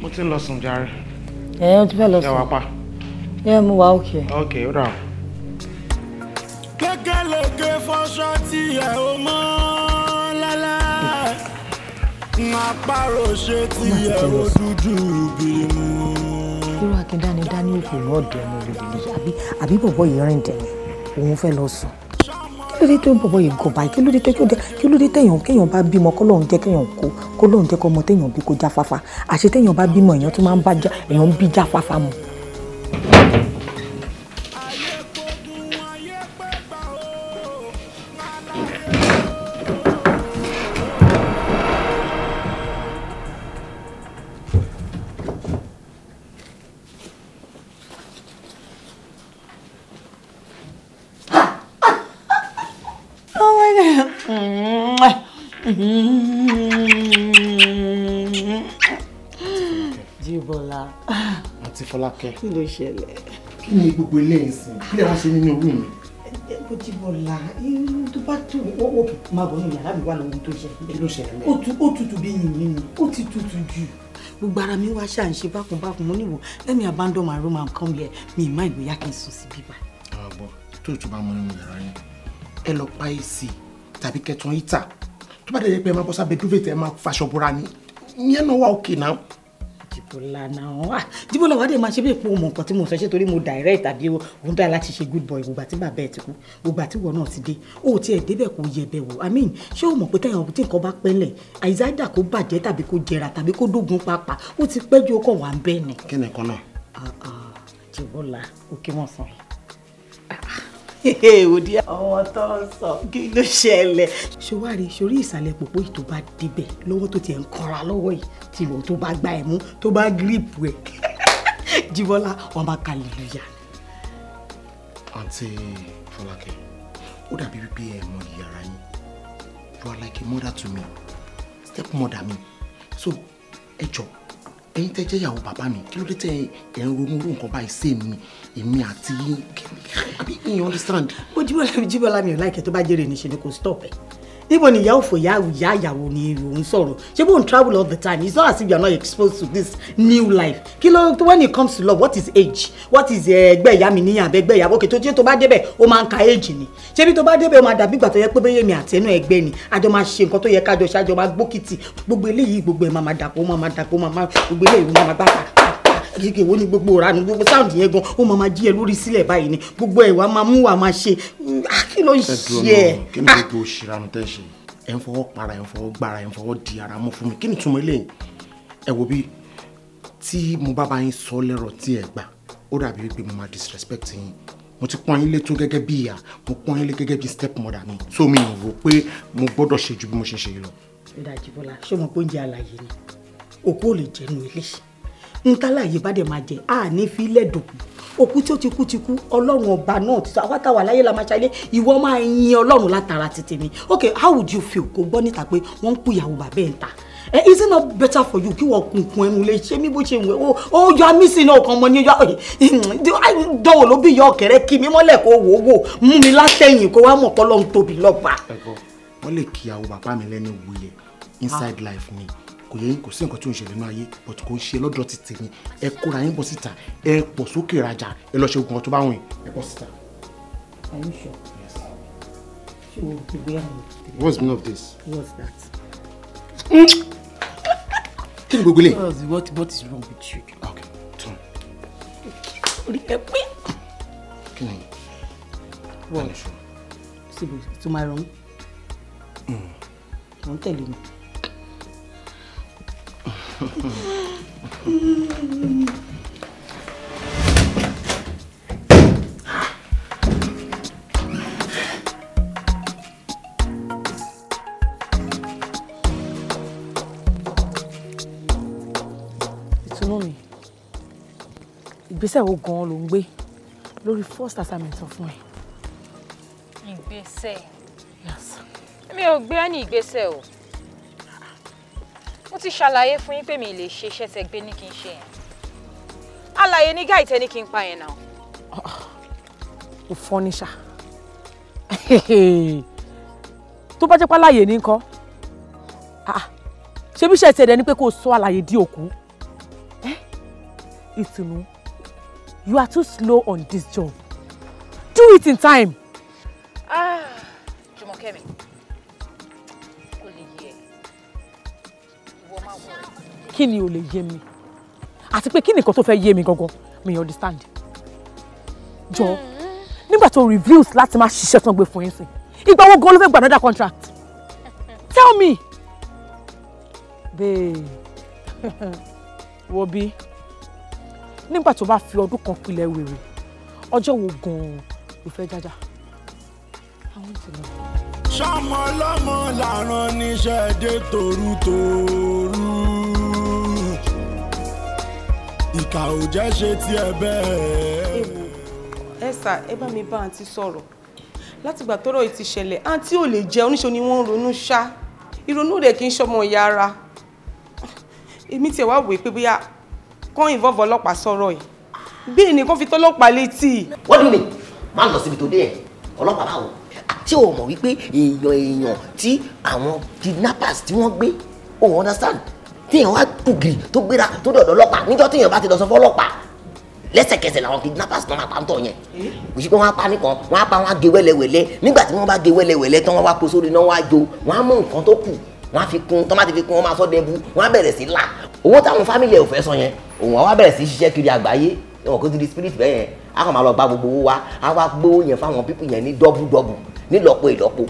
mo ti ń lọ sùn jàre. ẹ ẹ o ti fẹ́ lọ sùn. ẹ wá pa. ẹ mo wà òkè. ok ó dà. kékeré lè gé fọ́ṣọ́ tí ẹ ò mọ̀ àparò ṣe ti ẹ̀rọ dúdú bìrìmù. irú akíndani dání òkè lọ́ọ̀dẹ̀ ọmọ olùdíje àbí àbí bọ̀bọ̀ yìí rìn dẹ̀ òun fẹ́ lọ sùn kí ló dé tó bọ̀bọ̀ yìí gọ̀bà kí ló dé tó kí ló dé téèyàn kéèyàn bá bímọ kó lóun jẹ́ kéèyàn kó kó lóun jẹ́ kó ọmọ téèyàn bí kó jáfáfá àṣé téèyàn bá bímọ èèyàn tó máa ń bá èèyàn bí jáfáfá mu. Fọlákẹ́. kí ló ṣẹlẹ̀. kí ni gbogbo ilé ìsìn kí lè wá ṣe nínú orí mi. ó ti bọ̀ la tó bá tó ó ó máa bọ̀ nínú yàrá mi wà lóhun tó ṣe. kí ló ṣẹlẹ̀. o tutù bí yìnyín ni ó ti tutù jù gbogbo ara mi wá ṣáà ń ṣe bákùnbákùn mo níwò lẹ́mi abandon my room and come here mi ìmá ìgbéyà kí n sùn sí bíbá. àbọ̀ tó tún bá mọ nínú yàrá yín ẹ lọ pa èsì tàbí kẹtàn ìta tó bá dẹ̀ yẹ pé ẹ máa bọ́ sábẹ́ dúvẹ̀tì ẹ máa faṣọ Adébùkọ́lá náà ah, jíbó lọ́wọ́ dé máa ṣe bí ìpò mọ̀ nǹkan tí mo fẹ́ ṣe torí mo direct àbí òun dára láti ṣe good boy gbogbo àti bàbá ẹ̀ ti kú gbogbo àti wọn náà ti dé o ò tiẹ̀ débẹ̀ kò yẹ bẹ̀ wò i mean ṣé o mọ̀ pé táyà ọ̀hún tí nǹkan bá pẹ́lẹ̀ àìsáìdà kó bàjẹ́ tàbí kó jẹrà tàbí kó dógun pàápàá ó ti pẹ́ ju ọkọ̀ wà ń bẹ́ẹ̀ ni. kí ni kan náà. Ah, ah, jíbó la òkè wọn sàn òdi ọmọ tó ń sọ kí ló ṣẹlẹ̀. ṣòwárí sórí ìsàlẹ̀ pòpó ìtò bá débẹ̀ lọ́wọ́ tó tiẹ̀ ń kọ́ra lọ́wọ́ yìí tìwọ̀ tó bá gba ẹ̀mú tó bá gírípù ẹ̀ jíbọ́lá wọn bá ka lùlùyà. àǹtí fọlákẹ́ ó dàbí wípé ẹ mọ ìyàrá yín you are like a mother to me step mother mi so ẹ jọ̀ọ́ ẹ̀yin tẹ́ jẹ́ ìyàwó bàbá mi kí ló dé tẹ́ ẹ̀ ń ronú irú nǹkan báyìí sí mi èmi àti yín àbí you understand. mo jíbọ̀ ò láìkẹ́ tó bá jèrè níṣẹ́ ni kò stop ẹ̀. Even ni ìyá òfò ìyá ìyá ìyàwó ni èrò ń sọ̀rọ̀ bóun travel all the time it's not as if you are not exposed to this new life kí ló when it comes to love what is age what is eh, ẹgbẹ́ ìyá mi níyàn abẹ́gbẹ́ ìyàwó kí tó jẹ́ tó bá débẹ̀ ó máa ń ka age ni ṣé bí tó bá débẹ̀ ó máa dàbí ìgbà tó yẹ pé bẹ́yẹ̀ mi àtẹnu ẹgbẹ́ ni àjọ máa ṣe nǹkan tó yẹ kájọ ṣáájọ máa gbókìtì gbogbo eléyìí gbogbo ẹ̀ máa máa dàpọ̀ máa máa dàpọ̀ máa máa gbogbo eléyìí máa máa bá gègé wo ni gbogbo ra ni gbogbo sound yẹn gan ó máa ma jí ẹ lórí sílẹ̀ báyìí ni gbogbo ẹ̀ wá máa mú wa máa ṣe kí ló ń ṣe ẹ. kí ni gbogbo òṣìṣẹ́ tẹ́ ṣe ẹ̀ ń fọwọ́ para ẹ̀ ń fọwọ́ gbára ẹ̀ ń fọwọ́ di ara mọ́ fún mi kí ni túmọ̀ eléyìí ẹ wo bí tí mo bá bá yín sọ lẹ́rọ̀ tí ẹ gbà ó dàbí wípé mo máa disrespect yín mo ti pọ́n yín tó gẹ́gẹ́ bí ìyá mo pọ́n yín gẹ́gẹ́ bí step mother mi so mi ò rò pé mo gbọ́dọ̀ ṣe ju bí mo ṣe ṣe lọ. ìdájí bọ́lá ṣé o mọ̀ pé oúnjẹ àlàyé ni òkú ò lè jẹ́ ilé ntala yìí bá dẹ̀ máa jẹ a ní fi lẹ́dùnkù òkú tí ó ti kú ti kú ọlọ́run ọba náà ti sọ àwátàwà láyé la máa ṣayé ìwọ máa yin ọlọ́run látara títí mi ok how would you feel kò gbọ́ níta pé wọ́n ń kú ìyàwó bàbá ẹ̀ ń ta ẹ is it not better for you kí wọ́n kunkun ẹnu lè ṣe mí bó ṣe wẹ̀ ó yọ amísìn náà ọkàn ọmọ ní yọ dọ́wọ̀ ló bí yọ ọ̀kẹ́rẹ́ kí mi mọ́lẹ̀ kó wò wò mú mi látẹ̀yìn kó wá mọ̀ kọ́ lọ́n tóbi lọ́ba. wọ́n kò yẹ kò sí nǹkan tí ò ń ṣẹlẹ̀ nínú ayé but kò ń ṣe lọ́dọ̀ ti tèmi ẹ kóra yín bọ̀ síta ẹ pọ̀ sókè rajà ẹ lọ́ọ́ ṣe oògùn ọ̀tún bá wọ̀nyí ẹ bọ̀ síta. are you sure? yes. ṣé o what's the meaning of this? what's that? kí ni gbogbo lè. what what is wrong with you? okay turn. orí ẹ pé. kí ni. wọ́n síbi tó máa rán. wọ́n hmm. tẹ̀lé mi ìtùnú mi ìgbésẹ̀ wo gan-an ló ń gbé lórí first assignment sọ fún ẹ. ìgbésẹ̀. yes. mi ò gbé ní ìgbésẹ̀ o mo ti ṣàlàyé fún yín pé mi lè ṣe iṣẹ́ tẹ gbé ní kí n ṣe yẹn àlàyé ní gáì tẹ ní kí n pa yẹn náà. ìfọ́niṣà tó bá jẹ́ pé àlàyé ní kọ́ ah, ah. ṣé bí iṣẹ́ tẹ̀dẹ̀ ni pé kò sọ àlàyé di òkú eh? ìtùnú you are too slow on this job do it in time. ah jùmọ̀kẹ́ mi. kí ni ò lè yé mi àti pé kí nìkan tó fẹ́ yé mi gangan mi understand jọ hmm. nígbà tó reviews láti má ṣiṣẹ́ tán gbé fún yín sí ìgbà wo gan ló fẹ́ gba another contract tell me babe wo bí nígbà tó bá fi ọdún kan pilẹ̀ wèrè ọjọ́ wo gan-an ló fẹ́ jájá àwọn ti lọ. sọmọ ọlọmọ làrán níṣẹ́ dé torútorú ìkà ò jẹ́ ṣe tiẹ̀ bẹ́ẹ̀. ẹ ẹ bá mi bá àǹtí sọ̀rọ̀ látìgbà tọ́rọ̀ yìí ti ṣẹlẹ̀ àǹtí ò lè jẹ́ oníṣe ni wọ́n ń ronú ṣá ìrònú rẹ̀ kì í ṣọmọ ìyá ara èmi tiẹ̀ wá wèé pé bóyá kán involve ọlọ́pàá sọ̀rọ̀ yìí bí ẹnìkan fi tọ́lọ́pàá létí. wọ́n dùn mí má lọ síbi tó dé ẹ̀ ọlọ́pàá báwo tí o mọ̀ wípé èèyàn èèyàn tí àwọn kidnappers tí wọ́n gbé o understand téèyàn wá kùgìrì tó gbéra tó dọ̀dọ̀ ọlọ́pàá níjọ́ téèyàn bá ti lọ sọ fún ọlọ́pàá lẹ́sẹ̀kẹsẹ̀ làwọn kidnappers náà máa pa ntọ yẹn òsì pé wọn á pa nìkan wọn á pa wọn á gé wẹlẹwẹlẹ nígbà tí wọn bá gé wẹlẹwẹlẹ tán wọn wá kó sórí náà wọn á jó wọn á mú nǹkan tó kù wọn á fi kún tọ́ bá ti fi kún wọn máa sọ dẹbu wọn á bẹ̀rẹ̀ sí la owó táwọn fámìlì ẹ̀ ò fẹ́ sọ yẹn òun àwọn á bẹ̀rẹ̀ sí ṣiṣẹ́ kiri àgbáyé wọn kò ti spirit bẹ́ẹ̀ yẹn á kàn máa lọ gba gbogbo owó wa á wá gbówó yẹn fáwọn pípù yẹn ní dọ́bù dọ́bù nílọ́po ìlọ́po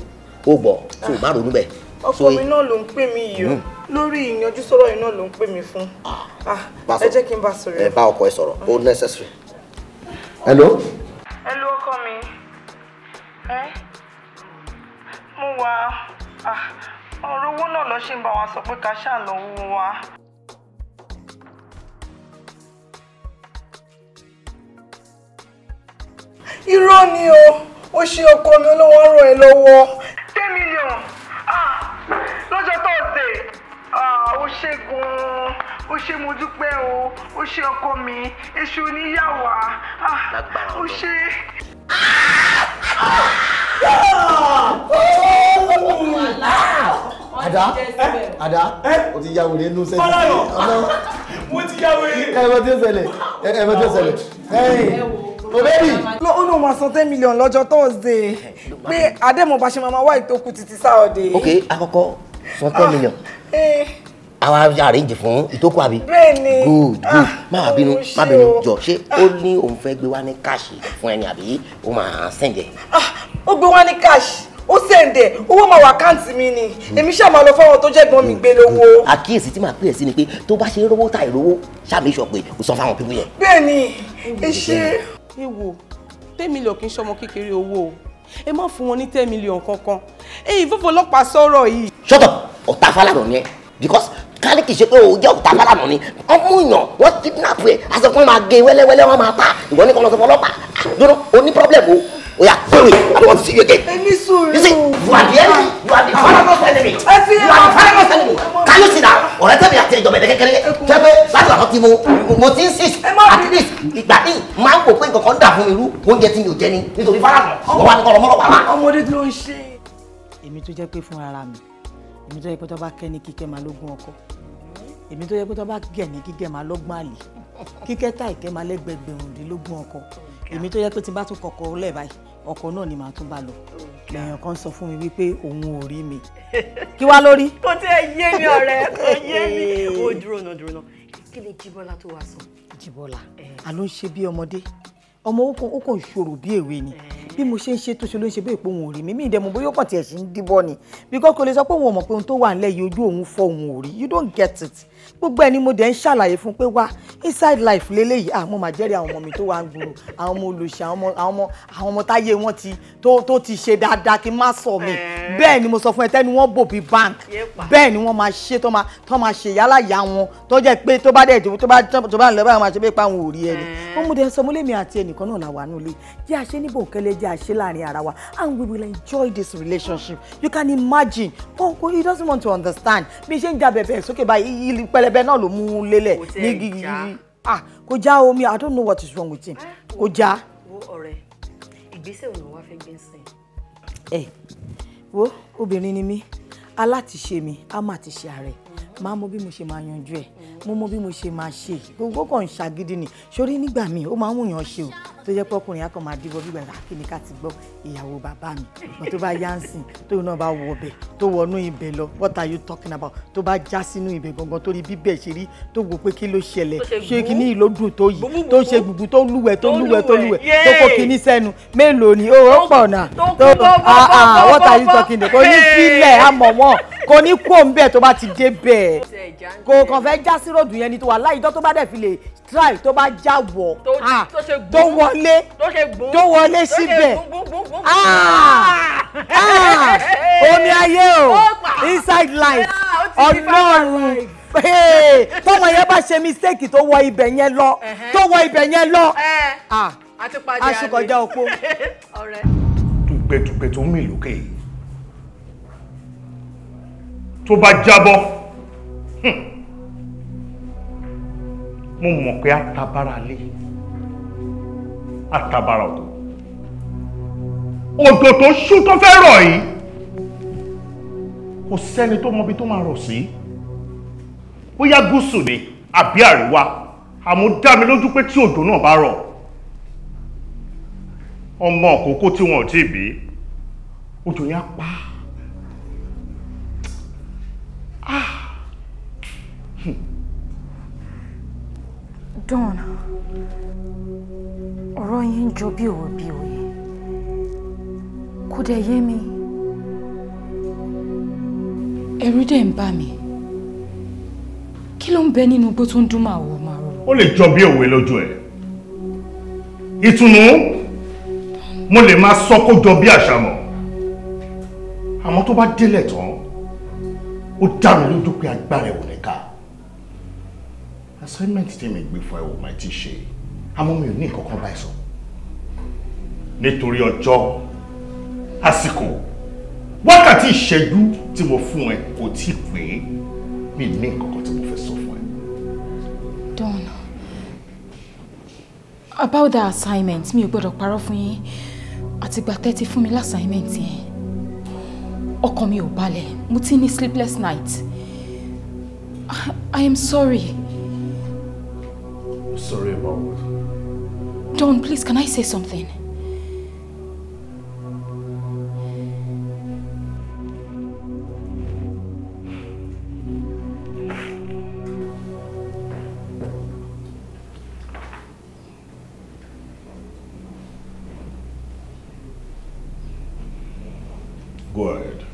ó gbọ́ tó má ronú bẹ́ẹ̀ ọkọ mi náà ló ń pè mí yìí o hmm. lórí ìyanjú sọ̀rọ̀ yìí náà ló ń pè mí fún ah, ah, ẹ jẹ́ kí n bá sọ̀rọ̀. ẹ bá ọkọ ẹ sọ̀rọ̀ hmm. ó necessary. hello. hello ọkọ mi mo wà ah, ọ̀rọ̀ owó náà ló ṣe ń bá wa sọ pé ká ṣàlọ́wọ́ wa. irọ́ ni o ó ṣe ọkọ mi olówó ń ràn lọ́wọ́. ten million lọ́jọ́ tó dé ó ṣe gan-an ó ṣe mo dúpẹ́ o ó ṣe ọkọ mi èṣù oníyàwá ó ṣe. Ada Ada o ti ya wèrè nu sẹ́yìn. Fọlọ́rọ̀ mo ti ya wèrè. Ẹ̀rọ tí ó ṣẹlẹ̀ ẹ̀rọ tí ó ṣẹlẹ̀ bòbẹ́rì. ó lóun máa san ten million lọ́jọ́ thursday pé àdèmọ̀ bá ṣe máa mama, wá ìtókù títí sáọ̀dẹ̀. ok àkọ́kọ́ san ten ah, million eh. àwa àrèjì fún ìtókù àbí. bẹ́ẹ̀ni good good ah, má bínú oh, má bínú jọ ṣé ah. ó ní òun fẹ́ gbé wá ní káàṣì fún ẹni àbí ó máa sẹ̀ǹdẹ̀. ó gbé wá ní káàṣì ó sẹ̀ǹdẹ̀ owó máa wà káǹtì mi ni hmm. èmi ṣáà máa lọ fáwọn to jẹ́ gan mi hmm. gbé lówó. Hmm. àkíyèsí tí màá pè é sí ni pé tó bá ṣe rówó tàì rówó ṣáà mi sọ pé kò sọ fáwọn pípín yẹn. bẹ́ẹ̀ni ẹ ṣe ẹ wò ten million kì í ṣọmọ kékeré owó o ẹ má fún wọn ní ten million kankan ẹ ìfọ̀fọ̀ ọlọ́pàá sọ̀rọ̀ yìí. shut up ọ̀tá fàlànà ni ẹ because kálí kìí ṣe pé òun jẹ́ ọ̀tá fàlànà ni ọmọ èèyàn wọ́n kidnap ẹ̀ àṣẹ fún wọn máa gé wẹ́lẹ́wẹ́lẹ́ wọn máa ta ìwọ ní kọ́ lọ́sọ̀fọ̀ ọlọ́pàá ah, dúró o ní problem o We are pé I don't want to see you again. ẹni you see you are the enemy you are the fatherless enemy you are the fatherless enemy can you see that Or tẹ̀lé àti ìjọba ẹ̀dẹ́ kékeré jẹ́ That's láti wà lọ́tí mo mo ti ń at least that tí máa ń wò pé nǹkan kan me. fún mi rú oúnjẹ tí mi ò jẹ ni nítorí fáránù wọ́n wá ní kọ́ ọmọlọ́pàá I'm ọmọdé ló ń ṣe. èmi tó jẹ́ pé fúnra ra mi èmi tó jẹ́ pé tó bá kẹ́ ní kíkẹ́ máa lógún ọkọ èmi tó jẹ́ pé tó bá gẹ̀ ní kíkẹ́ máa lọ́gbọ́n àlè kíkẹ́ táìkẹ́ máa lẹ́gbẹ̀gbẹ̀rúndínlógún ọkọ èmi tó yẹ pé tí n bá tún kọkọ lẹ báyìí ọkọ náà ni màá tún bá lọ lèèyàn kan sọ fún mi wípé òun ò rí mi kí wá lórí. kò tí ẹ yé mi ọ̀rẹ́ kò yé mi ó dúró náà dúró náà kí ni Jíbọ́lá tó wá sọ. Jíbọ́lá àló eh. ń ṣe bí ọmọdé ọmọ ó kàn ṣòro bí èwe ni eh. bí mo ṣe ń ṣe tó ṣe ló ń ṣe bẹ́ẹ̀ pé òun ò rí mi mí ìdẹ̀mú bóyá ó kàn tiẹ̀ ṣe ń díbọ́ ni bí kò kò lè sọ pé òun ò mọ̀ pé ohun tó wà nílẹ̀ yìí ojú òun fọ́ òun ò rí you don't get it gbogbo ẹ ni mo dẹ̀ ń ṣàlàyé fún pé wá inside life lélẹ́yìí àmọ́ màá jẹ́rìí àwọn ọmọ mi tó wà ń gbòòrò àwọn ọmọ olùṣe àwọn ọmọ àwọn ọmọ táyé wọn ti tó ti ṣe dáadáa kí n má sọ mi bẹ́ẹ̀ ni mo sọ fún ẹ tẹ́ni wọ́n bò bí bank bẹ́ẹ̀ ni wọ́n máa ṣe tó máa tó máa ṣe yálà yá wọn tó jẹ́ pé tó bá dẹ̀ tó bá tó bá lọ báyìí máa ṣe pé pa àwọn òrí ẹni wọ́n mú dẹ̀ sọ mo lémi àti ẹnìkan náà làwà nílé jẹ́ àṣẹ ní bòńkẹ́lẹ́ jẹ́ àṣẹ láàrin ara wa and we will enjoy this relationship you can imagine oh, oh, he doesn't want to understand bí ṣe pẹlẹbẹ náà ló mú lélẹ̀ ní gígí ah kò já omi i don't know what is wrong with him eh, kò já. wo ọ̀rẹ́ ìgbésẹ̀ òun wá fẹ́ gbé sìn. ẹ eh, wo obìnrin ni mí alátiṣe mi a máa ti ṣe ààrẹ máa mọ bí mo ṣe máa yanjú ẹ̀ mo mọ bí mo ṣe máa ṣe gbogbo kan ṣàgídí ni sórí nígbà míì ó máa ń wùyàn ṣe o tó jẹ́ pé ọkùnrin akọ máa dìbò bí gbàgbà kí ni ká ti gbọ́ ìyàwó bàbá mi ìgbà tó bá yá ń sìn tó náà bá wọ ọbẹ̀ tó wọnú ibẹ̀ lọ what are you talking about tó bá já sínú ibẹ̀ gangan tó rí bíbẹ̀ ṣe rí tó wò pé kí ló ṣẹlẹ̀ ṣé kíní ìlú dùn tó yìí tó ṣe gbùgbù tó lúwẹ̀ tó lúwẹ̀ tó lúwẹ̀ tó kó kíní sẹ́nu mélòó ni ó pọ̀ náà tó ah ah what are you talking about kò ní sílẹ̀ àmọ̀ wọn kò ní kó ń bẹ̀ tó bá ti dé bẹ̀ kò kàn fẹ́ já sí ròdù yẹn ni tó wà láìjọ́ tó bá dẹ̀ fi lè try tó bá já wọ̀ ah, tó wọlé tó wọlé síbẹ̀ ah! Ah! omi ayé o inside life ọlọ́run tọmọ yẹn bá ṣe mistake tó wọ ibẹ̀ yẹn lọ tó wọ ibẹ̀ yẹn lọ àṣùkọjá òpó. dùgbẹ̀dùgbẹ̀ tó mì lókè yìí tó bá jábọ́ mo mọ̀ pé àtàbára lé àtàbára ọ̀tọ̀ odò tó ṣú tó fẹ́ rọ̀ yìí kò sẹ́ni tó mọbi tó máa rọ̀ sí bóyá gúúsù ni àbí àríwá àmọ́ dá lójú pé tí odò náà bá rọ̀ ọmọ àkókò tí wọn ò tí ì bí odò yẹn á pa á. Dawn, ọ̀rọ̀ yín ń jọ bí òwe bí òye. Kò dẹ̀ yé mi. Ẹ̀rù dẹ̀ ń bà mí. Kí ló ń bẹ nínú igbó tó ń dún màwò màrò? Ó lè jọ bí òwe lójú ẹ̀. Ìtùnú, mo lè máa sọ kó jọ bí àṣàmọ̀. Àmọ́ tó bá délẹ̀ tán, ó dá mi lójú pé agbára ẹ̀ wò assignment tí mi gbé fún ẹ wò máa ti ṣe àmọ́ mi ò ní nǹkan kan báyìí sọ nítorí ọjọ́ àsìkò wákàtí ìṣẹ́jú tí mo fún ẹ kò tí ì pé mi ní nǹkan kan tí mo fẹ́ sọ fún ẹ. Don about that assignment mi ò gbọ́dọ̀ parọ́ fún yín àtìgbà tẹ́ ti fún mi láṣàìmẹ̀ǹtì yẹn ọkàn mi ò balẹ̀ mo ti ní sleepless night I am sorry. Sorry about what? Don, please, can I say something? Go ahead,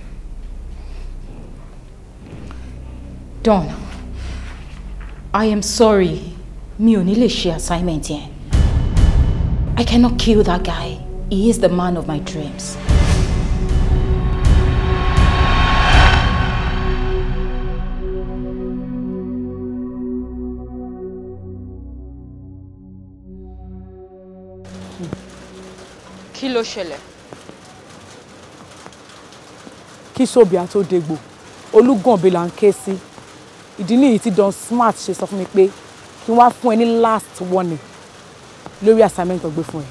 Don, I am sorry. mi ò ní lè ṣe assignment yẹn. I cannot kill that guy. He is the man of my dreams. Kí ló ṣẹlẹ̀? Kí Ṣòbíà tó dégbò, Olúgànbí là ń ké sí. Ìdí nìyí tí Don Smart ṣe sọ fún mi pé kí wọ́n á fún ẹ ní last warning lórí assignment tó gbé fún ẹ.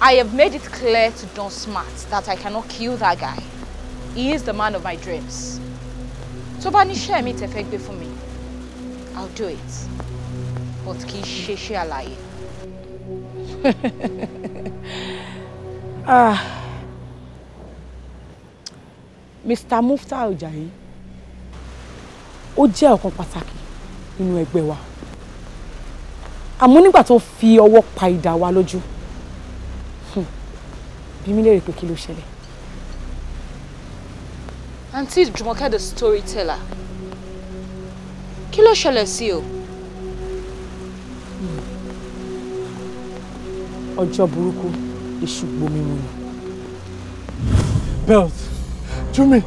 I have made it clear to Don Smart that I cannot kill that guy. He is the man of my dreams. Tó bá ní ṣẹ́ mi tẹ́ fẹ́ gbé fún mi, I'll do it. But kì í ṣe ṣe àlàyé. ah. Mr. Mufta Ojayi, ó jẹ́ ọ̀kan pàtàkì nínú ẹgbẹ́ wa àmọ́ nígbà tó fi ọwọ́ pa idà wa lójú hmm, bí mi léèrè pé kí ló ṣẹlẹ̀. àǹtí Jùmọ̀kẹ́ the storyteller kí ló ṣẹlẹ̀ sí o. Hmm. ọjọ́ burúkú èṣù gbomi mu ni. belt jumi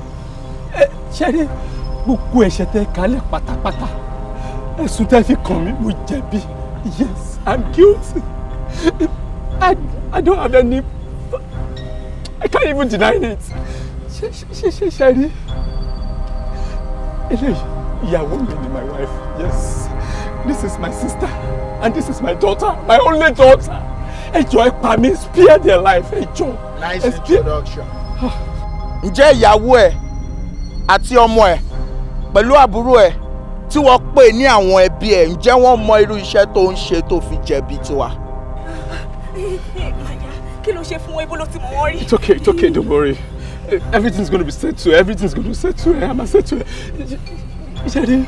ẹ ṣẹ́rí gbogbo ẹ̀ṣẹ̀ tẹ kálẹ̀ pátápátá ẹ̀sùn tẹ fi kàn mí mo jẹ̀bi. Yes, I'm guilty. I, I don't have any. I can't even deny it. Ṣé ṣé ṣé ṣe rí? Eléyìí, ìyàwó my wife. Yes, this is my sister and this is my daughter, my only daughter. Ẹ jọ̀ọ́ ẹ spare their life, ẹ Nice introduction. Ah. Ǹjẹ́ ìyàwó ẹ̀ àti ọmọ ẹ̀ pẹ̀lú àbúrò ẹ̀? tí wọ́n pè ní àwọn ẹbí ẹ̀ ǹjẹ́ wọ́n mọ irú iṣẹ́ tó ń ṣe tó fi jẹ̀bi tiwa. kí ló ṣe fún wọn ibo ló ti mọ wọn rí. it's okay it's okay don't worry everything's gonna be set settled everything's gonna be set settled i'm gonna settle jade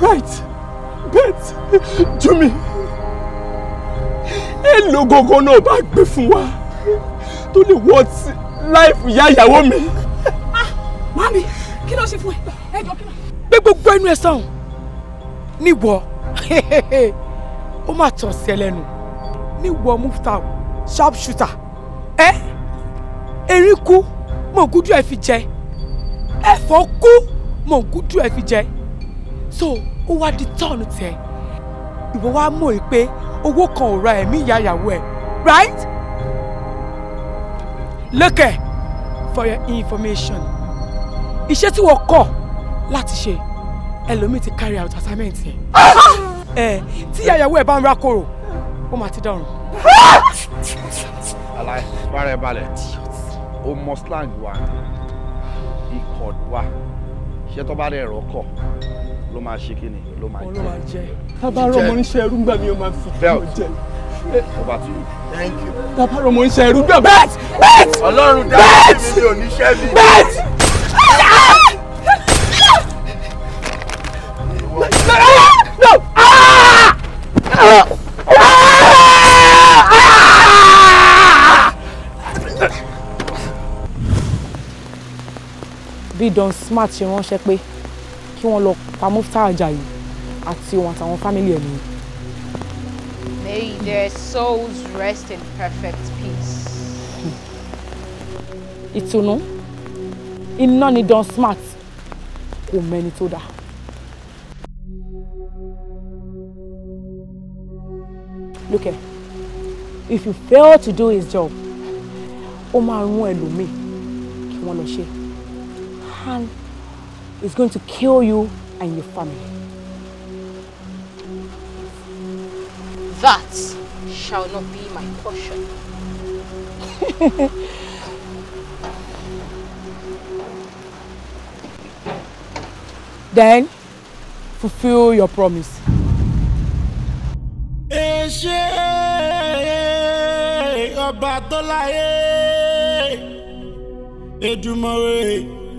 bright bright jumi èlò gógó náà bá gbé fún wa tó lè wọ́ọ̀tì láìfù yá ìyàwó mi. Ah, mami kí ló ṣe fún ẹ ẹ jọ kí ló gbé gbogbo ẹnu ẹ sọ̀hún níwọ ó mà tàn sí ẹ lẹ́nu níwọ mufta sharp shooter ẹ erin kú mọ̀ gúdú ẹ fi jẹ ẹ̀fọ́ kú mọ̀ gúdú ẹ fi jẹ so ó wá di tọ́ọ̀nù tiẹ̀ ìwọ wá mọ̀ ẹ́ pé owó kan ò ra ẹ̀mí ìyá ìyàwó ẹ̀ right lókè for your information iṣẹ́ tí wọ́n kọ̀ láti ṣe ẹlòmíì ti carry out assignment yẹn ẹ ah! eh, tí ìyàwó ẹ bá ń rákòrò ó máa ti dọ̀rùn. aláì ah! fara ẹ balẹ̀ o mọ slang wa ikọ̀ wa ṣé tó bá rẹ̀ rọ̀ kọ̀ ló máa ṣe kí ni ló máa jẹ. tábà rọ ọmọ níṣẹ́ ẹrú gbà mí ó máa fi kí ló jẹ. ọba tí yìí. thank you. tábà rọ ọmọ níṣẹ́ ẹrú gbà bẹ́ẹ̀ bẹ́ẹ̀. ọlọ́run dáhùn sí mi ò níṣẹ́ mi. bẹ́ẹ̀. bí Don Smart ṣe ránṣẹ́ pé kí wọ́n lọ pa Muftau Ajayi àti òun àtàwọn fámìlì ẹ̀ nìyí. May their souls rest in perfect peace. Ìtùnú iná ni Don Smart kò mẹ́ni tó dáa. Look here, if you fail to do his job, ó máa rún ẹlòmíì kí wọ́n lọ ṣe é. hand is going to kill you and your family. That shall not be my portion. then, fulfill your promise.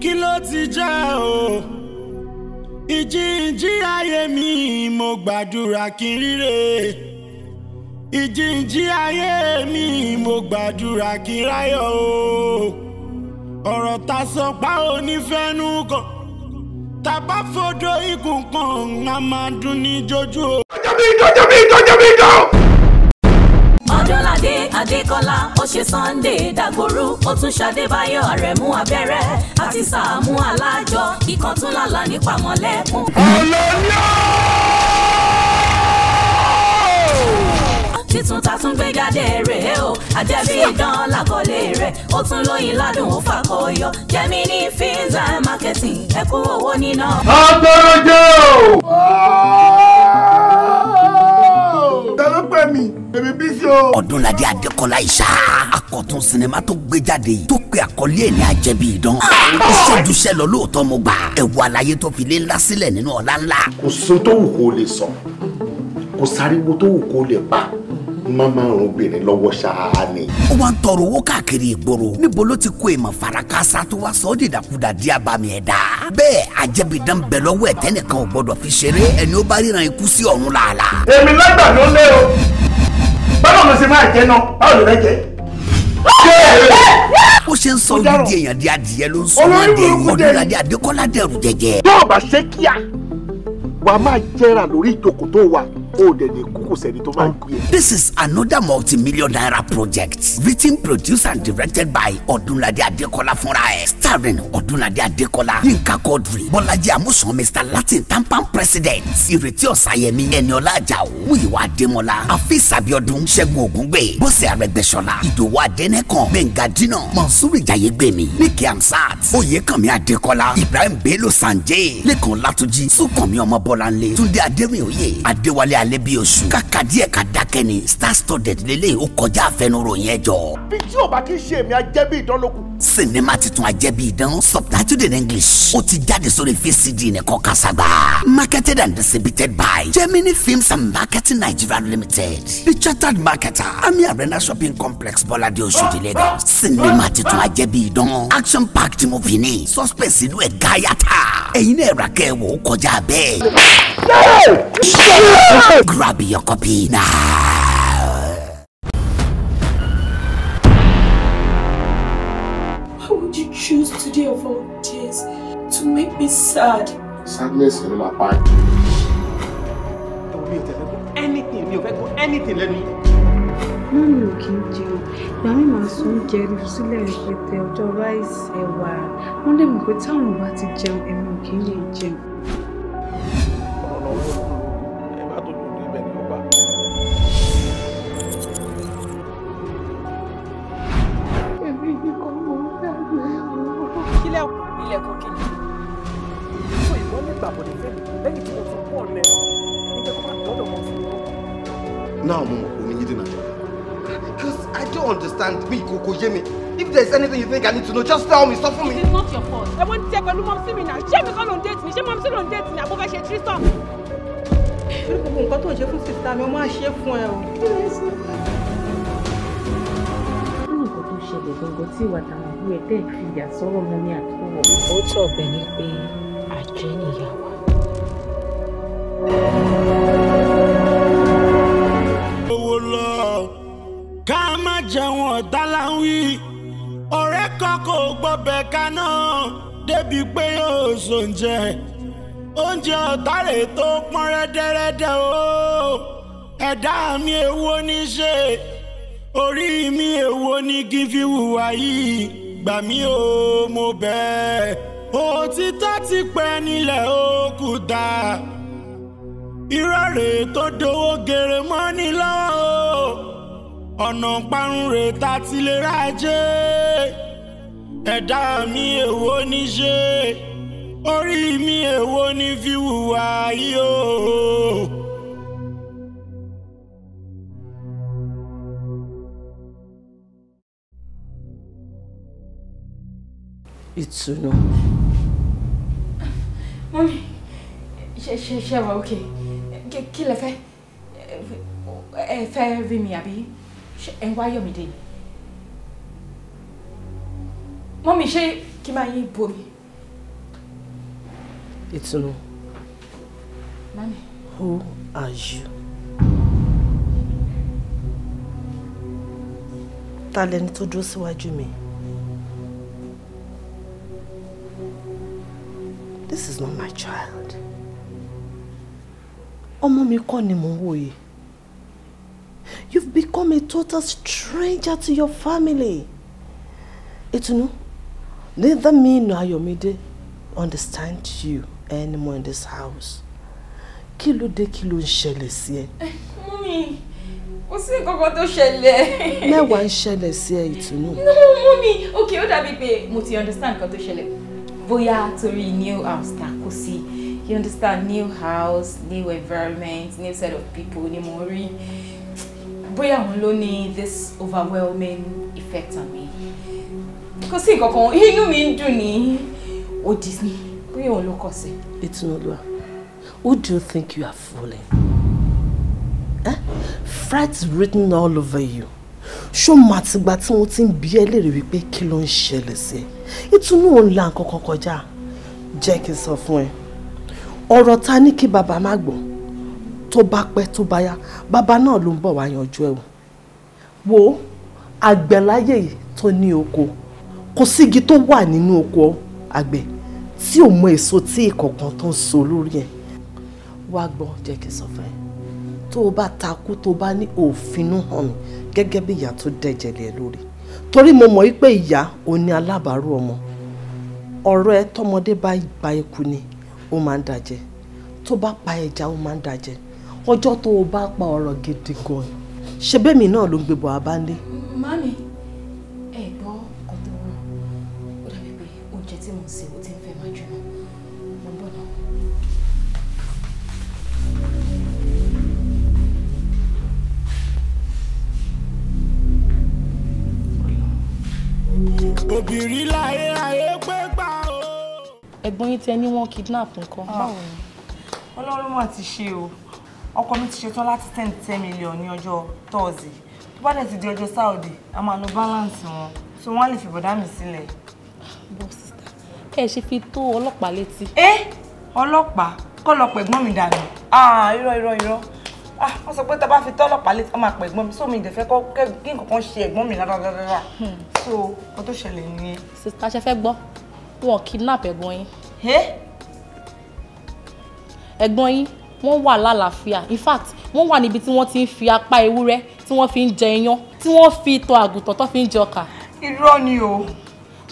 kí ló ti já o ìjì ìjì ayé mi mo gbàdúrà kí n ríre ìjì ìjì ayé mi mo gbàdúrà kí n ráyọ̀ o ọ̀rọ̀ ta sọ pa onífẹ́nu kan tàbá fodo ikùn kan a máa dún ní jojú o. ìjọba ìjọba ìjọba ìjọba adékọlá ó ṣe sunday dàgbòrú ó tún ṣàdébáyọ̀ àrẹ̀mú abẹ́rẹ́ àti sàmú alájọ ikán tún lálà nípa mọ̀lẹ́kùn. ọlọ́yà. títún ta tún gbé jáde rèé o àjẹbí ìdán làkọlé rẹ̀ ó tún lóyin ládùn ó fàkọyọ Gemini Films and Marketing ẹ kú owó níná. agbọ́rọ̀jọ́. bèbí bísí o. ọdúnladé adékọlá ìṣá akọ̀tún sinimá tó gbé jáde yìí tó pe àkọlé ẹ̀ ní àjẹbí idán. ó ah, ah. ṣèjúṣe lọ lóòótọ́ mo gbà ẹ̀wọ̀ àlàyé tó fi lé ńlá sílẹ̀ nínú ọ̀la ńlá. kò sun tó wù kó lè sọ kò sáriwo tó wù kó lè pa mama ń obìnrin lọ́wọ́ ṣáá ni. ó wá ń tọrọ owó káàkiri ìgboro níbo ló ti kó ìmọ̀ farakasa tó wá sọ ọ́ dìdàkudà di abami ẹ̀dá. bẹ́ẹ̀ ajẹ́bìdán bẹ lọ́wọ́ ẹ̀tẹ́nìkan ò gbọ́dọ̀ fi ṣeré ẹni ó bá ríran ikú sí ọ̀run làálàá. èmi lágbàdo lé o báwo ló ṣe máa jẹ náà báwo ló fẹ́ jẹ. ó ṣe ń sọ di èèyàn di adìyẹ ló ń sọ wọn di Ọdúnládé Adékọ́lá dẹrù jẹjẹ. tó o bá ṣe kíá wàá máa jẹrà lórí ìjókòó tó wà ó dẹ̀ ní kókò sẹ́ni tó máa gbé This is another multi-million naira project written produced and directed by Ọdúnladé Adékọ́lá fúnra ẹ̀ starring Ọdúnladé Adékọ́lá Yínká Quadri Bọ́lájí Amúsàn Mr. Latin tampan president Ìrètí Ọ̀sàyẹmí Ẹniọlá Àjàó Múyìwá Adémọlá Afis Abiodun Ṣẹ́gun Ògúngbè Bọ́sẹ̀ Arẹ́gbẹ́ṣọlá Ìdòwú Adẹ́nẹ́kàn Gbẹ̀ngà Dínà Mọ̀nsúrù Ìjàyégbèmí Níkẹ́ Amsat Oyèkànmí Adékọ́lá Ibrahim Bello Sanjay Lẹ́kàn Látúnjí Súnkànmí Ọmọbọ́láńlé Túndé Adémíòye Adéwálé alẹ́ bíi oṣù kàkà díẹ̀ ká dákẹ́ ni star studded lélẹ́yìn ó kọjá àfẹnuròyìn ẹjọ́. bí tí o bá kí ṣe èmi ajẹ́bí ìdánlókù. sinimá titun ajẹ́bí ìdán subtitled in english ó ti jáde sórí vcd nìkan kásàgbà marketed and distributed by germany films and marketing nigeria limited the chartered marketer ami arena shopping complex bọ́ládé oṣòdì lagos sinimá titun ajẹ́bí ìdán action packed movie ni suspense inú ẹ̀ gáyàtà ẹ̀yin náà rà kẹ́ ẹ̀ wò ó kọjá bẹ́ẹ̀ now! Grab your copy now! would you choose today of all days to make me sad? Sadness is not a bad thing. Anything, you can do, anything, let me. No, ò kí ń jẹun, ìgbà mi máa sún oúnjẹ rú sílẹ̀ rẹpẹtẹ ọjọ́ ráìsì ẹ̀wà. Wọ́n dẹ̀ mọ̀ pé táwọn ò bá ti jẹun, èmi ò kí ń lè ilẹ̀kùn. ilẹ̀kùn kìíní. so ìwọ nígbà bọ̀ ní fẹ́mi lẹ́yìn tí mo ti pọ̀ ọ̀nẹ́ nígbà tó máa gbọ́dọ̀ mọ fún mi. now mo mọ̀ kò ní yídì náà. because i don't understand mi kò yé mi if there is anything you think i need to know just tell me sọ fún mi. it is not your fault. ẹ wọ́n ti tẹ pẹ̀lú mọ́mísí mi náà ṣé mi kọ́ ló ń déètì ni ṣé mọ́mísí ló ń déètì ni àbúfẹ́ ṣe tírísọ̀. torí gbogbo nǹkan tó ń ṣe fún sista mi ó máa ṣe fún ẹ o. kí ni nǹkan tó ṣẹlẹ̀ gangan tí ìwà táwọn gbogbo ẹ̀ tẹ́ fi ìyà sọ́rọ̀ mọ́ ní àtúwọ̀. ó tọ̀ bẹ́ẹ̀ ni pé àjẹ́ nìyá owó lọ ká má jẹun ọ̀tá láwí ọ̀rẹ́ kan kò gbọ́bẹ̀ kaná débi pé yóò sòǹjẹ oúnjẹ ọ̀tá rè tó pọ́n rẹ́dẹ́rẹ́dẹ́ o ẹ̀dá mi èwo ní ṣe orí mi èwo ní kí fi yìí gbà mí o mo bẹ̀ẹ́ òtítọ́ ti pẹ́ nílẹ̀ òkúta irọ́ rèé tó dowó gèrè mọ́ ní lọ́wọ́ o ọ̀nà parun rèé ta ti lè rájẹ́ ẹ̀dá mi èwo ní ṣe orí mi èwo ní fi hùwà yìí o. ìtùnú. mọ́mí ṣe ṣe ṣe wà òkè kí lẹ fẹ́ ẹ fẹ́ rí mi àbí ẹ ń wá Yọ̀mídé ni mọ́mí ṣé kí máa yín bomi. ìtùnú. mọ́mí. who are you. ta lẹni tó dúró síwájú mi. Si This is not my child. Ọmọ mi kọ́ ni mò You've become a total stranger to your family. Itunu, neither me nor Ayomide understand you anymore in this house. Kí de dé kí ló Mommy, ṣẹlẹ̀ sí ẹ? Mummy, Me wan nǹkan tó ṣẹlẹ̀. Itunu. No, mommy. okay, ó dàbí pé mo ti understand kato tó bóyá torí new house ta kó you understand new house new environment new set of people new mo rí bóyá òun this overwhelming effect on me Because sí nǹkan kan inú mi ń dùn ní odi ni bóyá òun ló kọ sí. ìtùnúlùwà who do you think you are fooling? Eh? fright's written all over you Show màtìgbà tí wọ́n ti ń bí ẹ lérè wípé kí ìtùnú òun la nǹkan kan kọjá jẹ́ kí n sọ fún ẹ ọ̀rọ̀ ta ní kí bàbá má gbọ́ tó bá pẹ́ tó bá yá bàbá náà ló ń bọ̀ wá yanjú ẹ̀ wò ó àgbẹ̀láyè tó ní oko kò sígi tó wà nínú oko àgbẹ̀ tí ò mọ èso tí ìkọ̀ọ̀kan tó ń so lórí ẹ̀ wá gbọ́ jẹ́ kí n sọ fún ẹ tó o bá takú tó o bá ní òfin hàn mí gẹ́gẹ́ bí ìyá tó dẹ̀jẹ̀ lé lórí torí mo mọ̀ pé ìyá ò ní alábàárù ọmọ ọ̀rọ̀ ẹ tọmọdé bá gba eku ni ó máa ń dàjẹ́ tó bá pa ẹja ó máa ń dàjẹ́ ọjọ́ tó o bá pa ọ̀rọ̀ gidi gan ṣe bẹ́mi náà ló ń gbé bọ̀ abáńlé. mami ẹ gbọ́ ọ̀dọ́ wọn ó dàbí pé oúnjẹ tí mo ń ṣe ó obìnrin láyé ayé pé gbà o. ẹ̀gbọ́n yín tẹ ní wọ́n kidnap nǹkan ah. báwo ni. ọlọ́run mà ti ṣe o ọkọ mi ti ṣetán láti ten ten million ní ọjọ́ tọ́ọ̀sì tó bá dẹ̀ ti di ọjọ́ sáòdì a máa lo balance wọn so wọ́n á lè fi bọ̀dá mi sílẹ̀. bọ́ sísá kẹ́ ẹ ṣe fi tó ọlọ́pàá létí. ẹ eh? ọlọ́pàá kọ́ lọ pẹ̀gbọ́n mi dànù ah, irọ́ irọ́ irọ́ ah wọ́n sọ pé tá a bá fi tọ́ ọlọ́pàá létí ọmọ àpò ẹ̀gbọ́n mi sómi ìdẹ̀fẹ́ kọ́ kí nǹkan kan ṣe ẹ̀gbọ́n mi rárá rárá hmm. so kó tó ṣẹlẹ̀ nìyẹn. sista ṣe fẹ́ gbọ́ wọn kidnap ẹ̀gbọ́n yín. ẹ̀gbọ́n yín wọ́n wà lálàáfíà in fact wọ́n wà níbi tí wọ́n ti ń fi apá ewúrẹ́ tí wọ́n fi ń jẹ iyán tí wọ́n fi tọ àgùntàn tó fi ń jẹ ọkà. irọ́ ni o.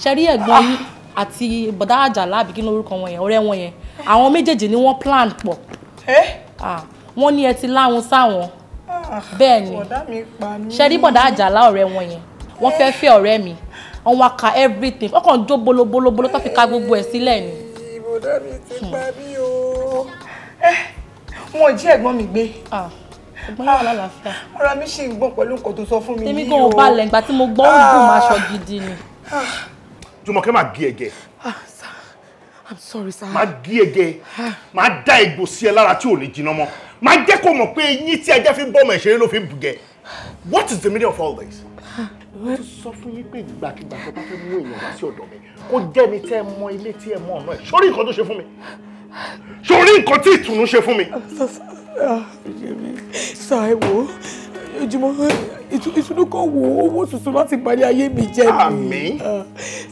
ṣe rí ẹ̀gbọ́n yín àti bọ̀dá àjàlá àbí kí lórúkọ wọn yẹn ọ̀rẹ́ wọn yẹn àwọn méjèèjì ni wọ́n plan pọ̀ wọ́n ní ẹ ti láhun sáwọn ah, bẹ́ẹ̀ ni ṣẹ́rí bọ̀dá àjàlá ọ̀rẹ́ wọn yẹn wọ́n fẹ́ fẹ́ ọ̀rẹ́ mi wọ́n wá ka everything wọ́n kàn jó bolobolobolo tó fi ka gbogbo ẹ̀ sílẹ̀ ni. bọ̀dá mi ti hmm. pa mí o eh, wọn ò jí ẹ̀gbọ́n mi gbé ọgbọ́n ah, yóò ah, lálàáfíà. ara mi ṣì ń gbọ́n pẹ̀lú nǹkan tó sọ fún mi yìí o. tèmi gan ò balẹ̀ ìgbà tí mo gbọ́ ògùn aṣọ gidi ni. jùmọ̀kẹ́ máa gé ẹ̀gẹ́ I'm sorry sir. Máa gé ẹgẹ, máa dá egbò sí ẹ lára tí ò ní mo mọ́. Máa jẹ́ kó mọ̀ pé eyín tí ajá fi ń bọ́mọ ìṣeré ló fi ń What is the meaning of all this? Mo tún sọ fún yín pé ìgbàkigbà tó bá fẹ́ mú èèyàn wá sí ọ̀dọ̀ mi, kó jẹ́ mi tẹ́ mo. mọ ilé tí ẹ mọ ọ̀nà ẹ̀. Sórí nǹkan tó ṣe mi. Sórí nǹkan tí ìtùnú ṣe fún mi. Sọ ẹ wo ojúmọ́ ìtúnú kan wo owó tuntun láti parí ayé mi jẹ́ mi. àmín. Ah,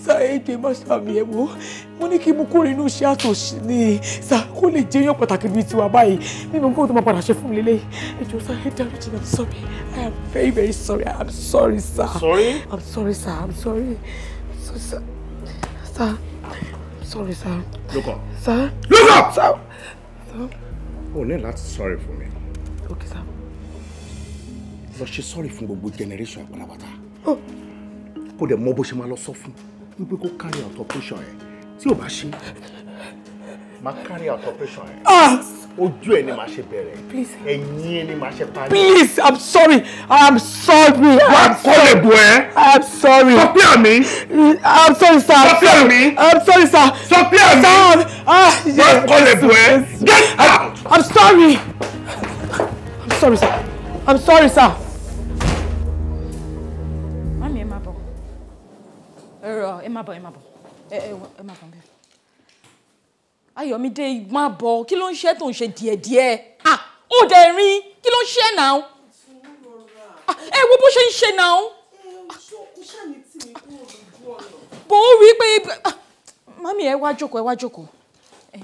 sá èdè má ṣàmì ẹ̀ wò mo ní kí mo kúrò inú iṣẹ́ àtòṣì ni sá kó lè jẹ́ yàn pàtàkì bíi tiwa báyìí nínú kó máa padà ṣe fún mi lélẹ́yìí ẹjọ́ sá ẹ dárí jìnnà sorry I am very very sorry I am sorry sá. sorry. I am sorry sá I am sorry sá sá sorry sá. look up. sá. look up. sá. o ní láti sorry fún mi. okay sá lọ ṣe sọ́ọ̀rì fún gbogbo generation ẹ̀ pátápátá kó mọ bó ṣe máa lọ sọ fún wípé kó carry out operation ẹ̀ tí ò bá ṣe máa carry out operation ẹ̀ ah! ojú ẹ̀ ni màá ṣe bẹ̀rẹ̀ ẹ̀yìn ẹ̀ ni màá ṣe parí. please i'm sorry i'm sorry. wà á kọ́ lè bọ̀ ẹ́. i'm sorry. sọ pé àmì. i'm sorry sir. sọ pé àmì. i'm sorry sir. sọ pé àmì. sir ah yes. wà á kọ́ lè bọ̀ ẹ́. get out. i'm sorry. i'm sorry sir. i'm sorry sir. rọ ẹ má bọ̀ ẹ má bọ̀ ẹ má bọ̀ bẹ́ẹ̀. Ayọ̀mídé má bọ̀ kí ló ń ṣe tó ń ṣe díẹ̀díẹ̀ ó dẹ̀ rin kí ló ń ṣe náà ẹ wo bó ṣe ń ṣe náà. bò ó rí pé mami ẹ wá jókòó ẹ wá jókòó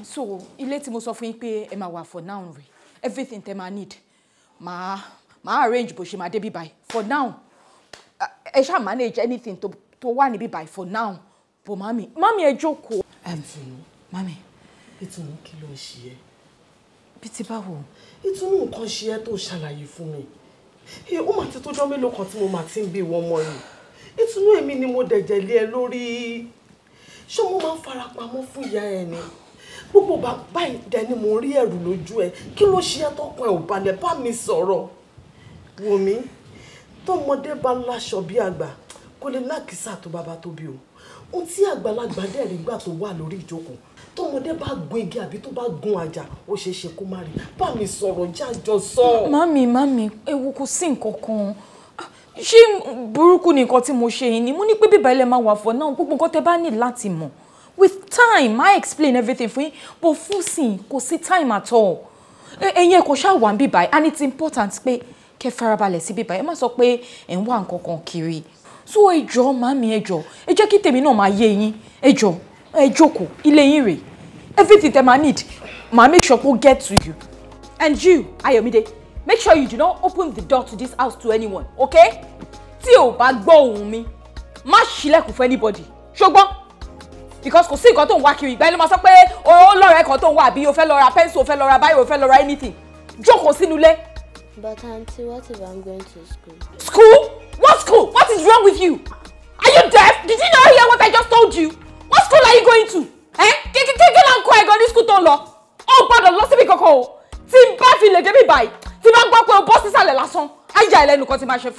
so ilé tí mo sọ fún yín pé ẹ máa wà for now rè everything tẹ máa need máa máa arrange bó ṣe máa débi báyìí for now ẹ ṣáà manage anything tó tó wà níbí by for now bò mami mami ẹ jókòó. àǹtùnú mami. ìtùnú kí ló ń ṣe ẹ́. bí ti báwo. ìtùnú nǹkan ṣe ẹ́ tó ṣàlàyé fún mi ó mà ti tójọ́ kan tí mo mà ti ń bí ìwọ ọmọ yìí ìtùnú èmi ni mo dẹ̀jẹ̀ lé ẹ lórí ṣé mo máa fara pamọ́ fún ìyá ẹ ni gbogbo bàbá ìdẹ ni mo rí ẹ̀rù lójú ẹ kí ló ṣe ẹ́ tọkàn ẹ ò balẹ̀ bá mi sọ̀rọ̀ wò mí tọmọdé bá láṣọ bí àgbà kò lè lákìsà tó bàbá tó bí o ohun tí àgbàlagbà dẹ̀rí gbà tó wà lórí ìjókòó tọmọdé bá gun igi àbí tó bá gun àjà ó ṣeé ṣe kó má rí bá mi sọ̀rọ̀ jájọ sọ. mami mami ewu kò sí nǹkan kan ah, ṣé burúkú ni nǹkan tí mo ṣe yìí ni mo ní pé bíbá ilẹ̀ máa wà fọ náà gbogbo nǹkan tẹ bá ní láti mọ̀ with time i explain everything fún yín but fún sìn kò sí time at all e, ẹ̀yin ẹ̀kọ́ ṣáà wà ń bíbá and it's important pé kẹ́ farabalẹ̀ sí bíbá ẹ má sọ pé ẹ̀ ń wá nǹkan kan kiri so ẹ jọ̀ọ́ màmí ẹ jọ̀ọ́ ẹ jẹ́ kí tèmi náà máa yé yín ẹ jọ̀ọ́ ile jókòó ilé everything tẹ́ máa need màá make sure kó get to you and you Ayọ̀mídé make sure you do not open the door to this house to anyone okay Ti o bá gbọ́ ohùn mi ma ṣílẹ̀kùn for anybody ṣùgbọ́n because kò sí nǹkan tó ń wá kiri ìgbà ẹni máa sọ pé ó lọ́ọ̀rẹ́ kan tó ń wá àbí o fe lọ pencil o fẹ́ lọ ra o fẹ́ lọ anything Joko sínú ilé. but auntie, what if i'm going to school. school What school? What is wrong with you? Are you deaf? Did you not hear what I just told you? What school are you going to? Eh? Kékeré náà ń kọ́ ẹ̀gọ́ ní skul tó ń lọ. Ó gbọ́dọ̀ lọ síbi let me Tí n bá fi lè débi báyìí, tí n bá gbọ́ pé o bọ́ sísàlẹ̀ lásán, àyà ẹlẹ́nu kan ti máa ṣe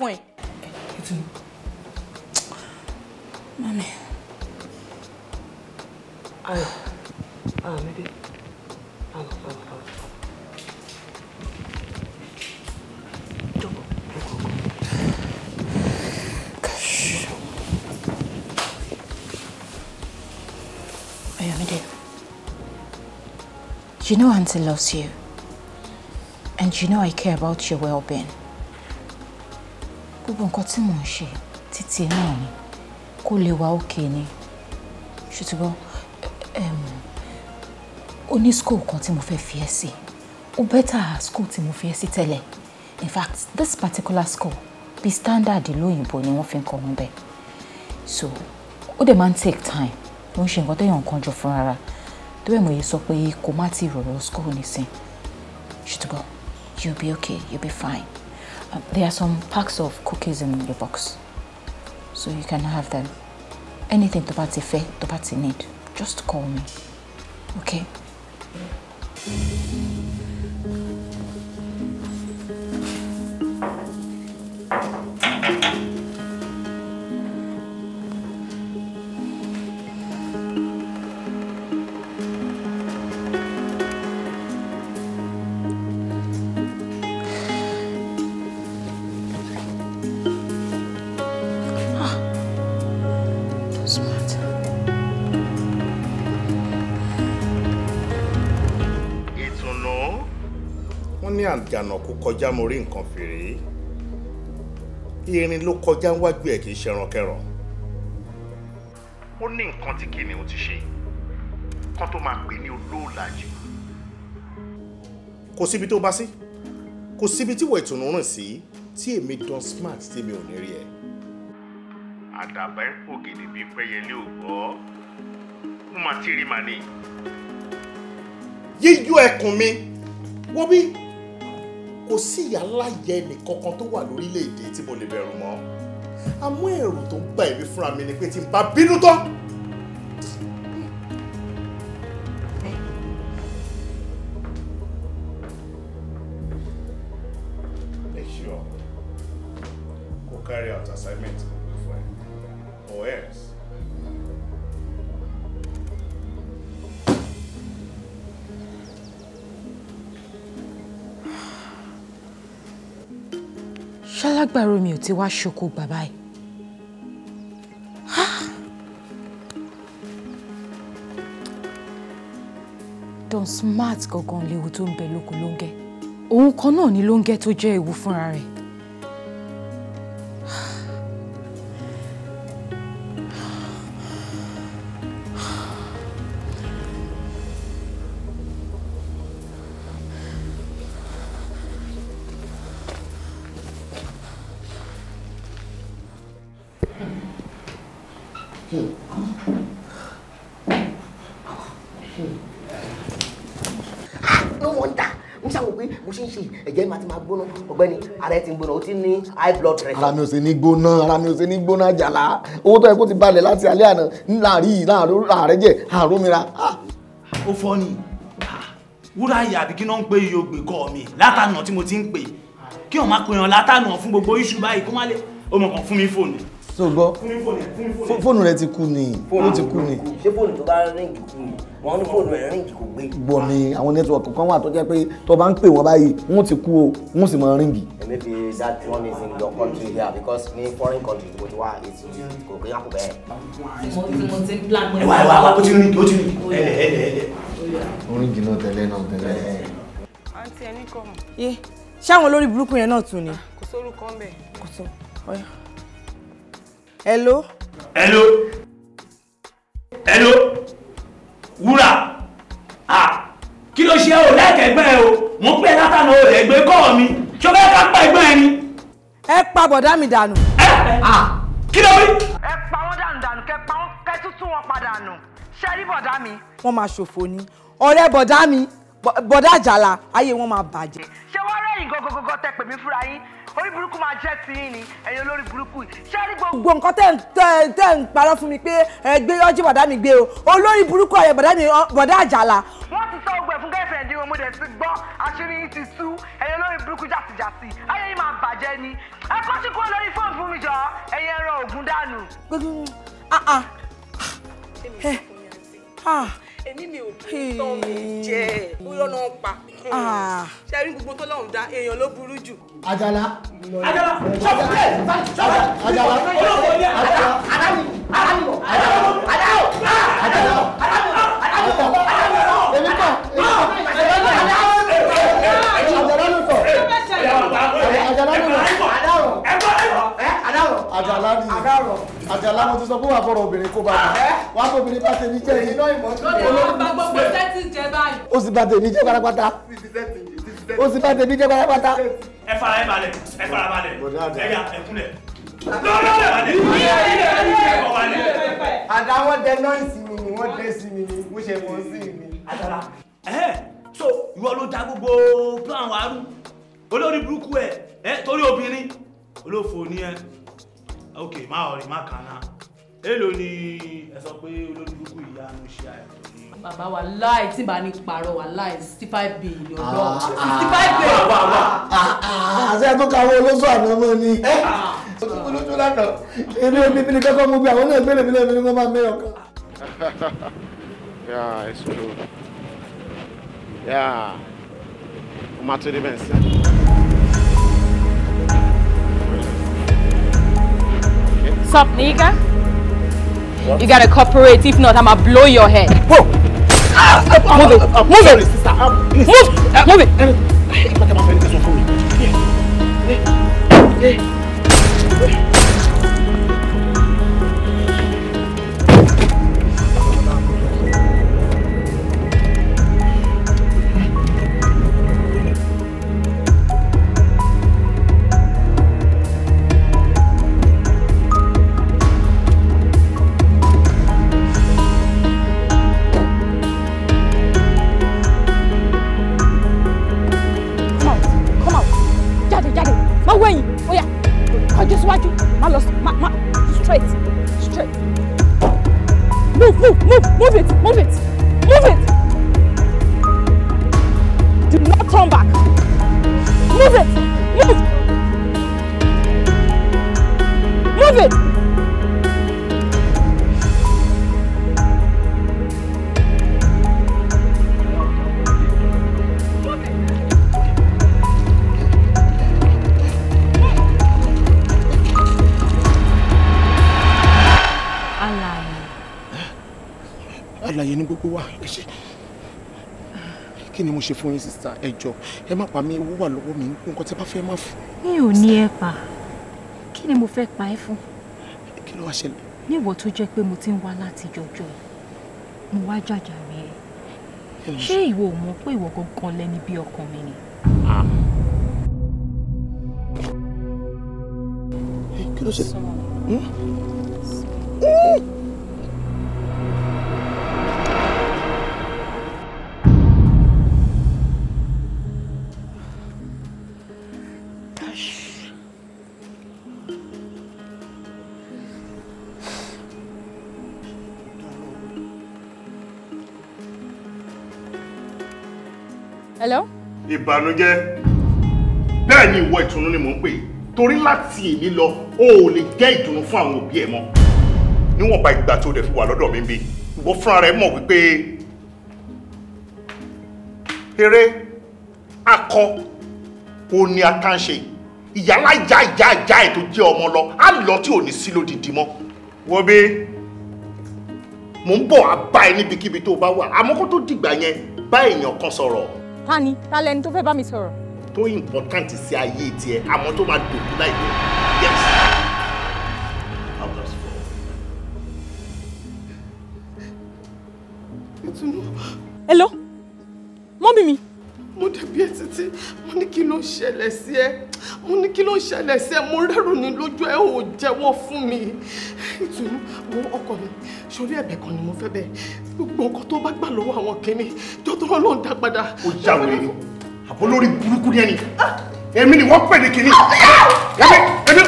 Ayomide, you know Auntie loves you. And you know I care about your well-being. Gbogbo nǹkan tí mò ń ṣe títí náà ni kó lè wá òkè ni. Ṣùtúbọ̀ ó ní school kan tí mo fẹ́ fi ẹ́ sí. Ó bẹ́tà school tí mo fi ẹ́ sí tẹ́lẹ̀. In fact, this particular school bí standard lóyìnbó ni wọ́n fi ń kọ́ wọn bẹ́ẹ̀. So, ó dẹ̀ máa ń take time tó ń ṣe nǹkan téèyàn kan jọ fúnra rà tó bẹ́ẹ̀ mo yẹ sọ pé kò má ti rọ̀rọ̀ school nísìn ṣùtúbọ̀ you be okay you be fine um, there are some packs of cookies in your box so you can have them anything tó bá ti fẹ́ tó bá ti need just call me okay. Mm -hmm. wọ́n ní àjànàkú kọjá mo rí nǹkan fèrè erin ló kọjá wájú ẹ̀ kì í ṣẹrankẹran ó ní nǹkan tí kìnìún ti ṣe kan tó máa pè ní olóòlàjì kò síbi tó bá sí kò síbi tí wọ́n ìtùnú rìn sí tí èmi don smart tí mi ò ní rí ẹ. àdàbà ń pò gèdè bíi pẹ́yẹlé ò gbọ́ mo máa ti rí màá ní. yíyọ ẹkùn mi wọ́n bí kò sí ìyáláyẹ ẹnìkankan tó wà lórílẹ̀‐èdè tí mo lè bẹ̀rù mọ́ àmọ́ ẹ̀rù tó ń bà ẹ̀mí fúnra mi ni pé tí n bá bínú tán nígbà ro mi ò ti wá ṣoko bàbá yìí. Ah! don smart gangan léwu tó ń bẹ lóko lóńgẹ́ òun kan náà ni lóńgẹ́ tó jẹ́ ewu fúnra rẹ̀. gbóná ọ̀gbẹ́ni ara ẹ ti ń gbóná o ti ní high blood pressure. ara mi ò ṣe ní gbóná ara mi ò ṣe ní gbóná jàlá owó tó yẹ kó ti balẹ̀ láti alẹ́ àná láàrin àárẹ̀ jẹ́ àrómira. Ah! ó fọ́ ni ah! wúrà yìí àbí kí náà ń pè iye ògbè kọ́ mi látànà tí mo ti ń pè kí wọ́n máa pè yàn látànà fún gbogbo iṣu báyìí kó má lè ó mọ̀ kàn fún mi fóònù so gbọ́ fóònù rẹ ti kú ni ó ti kú ni. ṣé fóònù tó bá ríǹgì kú ni wọn ní fóònù rẹ ríǹgì kò gbé. gbọ́ ni àwọn nẹ́tíwọ̀kì kan wà tó jẹ́ pé tó bá ń pè wọ́n báyìí wọ́n ti kú o wọ́n sì máa ríǹgì. maybe that one is in your country here because ní foreign country tí mo ti wá èsì kò gbé yàgò bẹ́ẹ̀. ẹwà ẹwà ẹwà ó ti rìn ó ti rìn ẹlẹ ẹlẹ ẹlẹ. oríǹgì náà tẹ́lẹ̀ náà tẹ́lẹ̀. àǹtí ẹni kọ́ mọ̀. ṣé àwọn olórí burúkú yẹn náà tún ni. kò sórúkọ ń bẹ̀. kò sọ ọ̀yà hello. hello. hello. wúrà ah kí ló ṣe o lẹ́kẹ̀ẹ́gbẹ́ o mo ń pè látàná o lè gbé kọ́ mi ṣó fẹ́ ká pa ẹgbẹ́ ẹni. ẹ pa bọ̀dá mi dànù. ẹ kí ló wí. ẹ pa wọn dànù dànù kẹ pa wọn kẹ tútù wọn padà nù ṣe rí bọ̀dá mi. wọ́n máa ṣòfò ni ọ̀rẹ́ bọ̀dá mi bọ̀dá àjàlá ayé wọn máa bàjẹ́. ṣé wọ́n rẹ́yìn gọ́gọ́gọ́gọ́ tẹ pè mí fúnra yín orí burúkú máa jẹ́ ti ni ẹ̀yin olórí burúkú yìí ṣé rí gbogbo nǹkan tẹ́ tẹ́ ń parọ́ fún mi pé ẹ gbé ọjí mi gbé o olórí burúkú ọ̀yẹ̀ bọ̀dá mi bọ̀dá àjàlá. wọ́n ti sọ ogun ẹ̀ fún girlfriend wọn dẹ̀ ti gbọ́ àṣírí yín ti tú ẹ̀yin olórí burúkú jàtìjàtì ayé yín máa bàjẹ́ ni ẹ kọ́ sí kó lórí fóònù fún mi jọ ẹ̀yin ẹran ògùn dànù. Ah, ah èmi mi ò kí tán mi jẹ ó yọ̀nà pa ah. ṣe rí gbogbo tó lọ́hùn dá èèyàn ló burú jù. àjàlá àjàlá sọfúnlẹ sọfúnlẹ àjàlá olóòwò ni àjàlá àdáni àdáni àdáni àdáni àdáni àdáni àdáni àdáni èmi kọ èmi kọ àjàlá ló sọ àjàlá ló sọ àjàlá ló sọ àdàrọ̀ àjàlá ni àdàrọ̀ àjàlá mo ti sọ pé wà bọ̀rọ̀ obìnrin kó bá mi wà á bóbìnrin bá tèmi jẹ́ yìí. lórí bá gbogbo sẹ́tì jẹ báyìí. ó sì bá tèmi jẹ pátápátá ó sì bá tèmi jẹ pátápátá. ẹ fara ẹ balẹ̀ ẹ fara balẹ̀ ẹ yà ẹ kúnlẹ̀ àdáwọ̀ dẹ nọ́ọ̀sì mi ni wọ́n dé sí mi ni mo ṣe mọ̀ sí mi. àdàlà ẹ so ìwọ ló da gbogbo plan wa rú olórí burúkú ẹ torí obìnrin olófò ni ẹ ok má ọ̀rẹ́ má kàn náà ni ẹ sọ pé olórí burúkú ìyá ló ṣe àìsàn bàbá wa láì tí bá ní parọ́ wa láì sixty five billion lọ ah, ah, sixty five ah, billion. àṣẹ tó ka owó olóṣù àná mọ́ ni olóṣù lánà ilé omi bí ni kẹ́kọ̀ọ́ mú bí àwọn náà gbélé mi lẹ́nu ni wọ́n máa mẹ́yọ̀ kan. yeah it's true yeah o ma tó bẹ́ẹ̀ sí. up, nigga? What? You gotta cooperate, if not, I'ma blow your head. Whoa! Ah, stop, I'm, move I'm, it! I'm, move sorry, it! Sister, I'm, move! Uh, move it! Uh, ṣe fún yín sísá ẹ jọ ẹ má pa mí owó wà lọ́wọ́ mi nǹkan tí ẹ bá fẹ́ má fún. mi ò ní ẹ pa kí ni mo fẹ́ pa ẹ fún. kí ló wá ṣẹlẹ̀. níwọ̀ tó jẹ́ pé mo ti ń wá láti jọjọ́ mo wá jàjà rí ẹ ṣé ìwọ ò mọ̀ pé ìwọ gangan lẹni bí ọkàn mi ni. Ah. kí ló ṣe. ìbànújẹ́ bẹ́ẹ̀ ni ìwọ ìtùnú ni mò ń pè torí láti èmi lọ o ò lè jẹ́ ìdùnnú fún àwọn òbí ẹ mọ́ níwọ̀nba ìgbà tó dẹ̀ fi wà lọ́dọ̀ mi bí ìwọ fúnra rẹ mọ̀ wípé eré akọ ò ní àtàǹṣe ìyálà ìjà ìjà jẹ́ ọmọ lọ á lọ tí ò ní sí lódìdí mọ́ wọ́n bí mò ń bọ̀ á ẹ níbikíbi tó bá wà àmọ́ kó tó dìgbà yẹn bá èèyàn kan sọ̀rọ̀ ta ni ta lẹni tó fẹ́ bá mi sọ̀rọ̀. tó important sí ayé tiẹ̀ àmọ́ tó máa dòkú láìpẹ́ yes. hello mọ́mí mi mo dẹ̀bi ẹ títí mo ní kí ló ṣẹlẹ̀ sí ẹ mo ní kí ló ṣẹlẹ̀ sí ẹ mo rẹ́rù ní lójú ẹ ò jẹ́wọ́ fún mi ìtùnú wo ọkọ mi sórí ẹ̀bẹ̀ kan ni mo fẹ́ bẹ̀ gbogbo nǹkan tó bá gbà lọ́wọ́ àwọn kìíní jọ́tọ́rọ́ ló ń dá padà. ó já wèrè ni àbó lórí burúkú ni ẹni èmi ni wọ́n pè ní kìíní ẹ̀mí ẹ̀mí.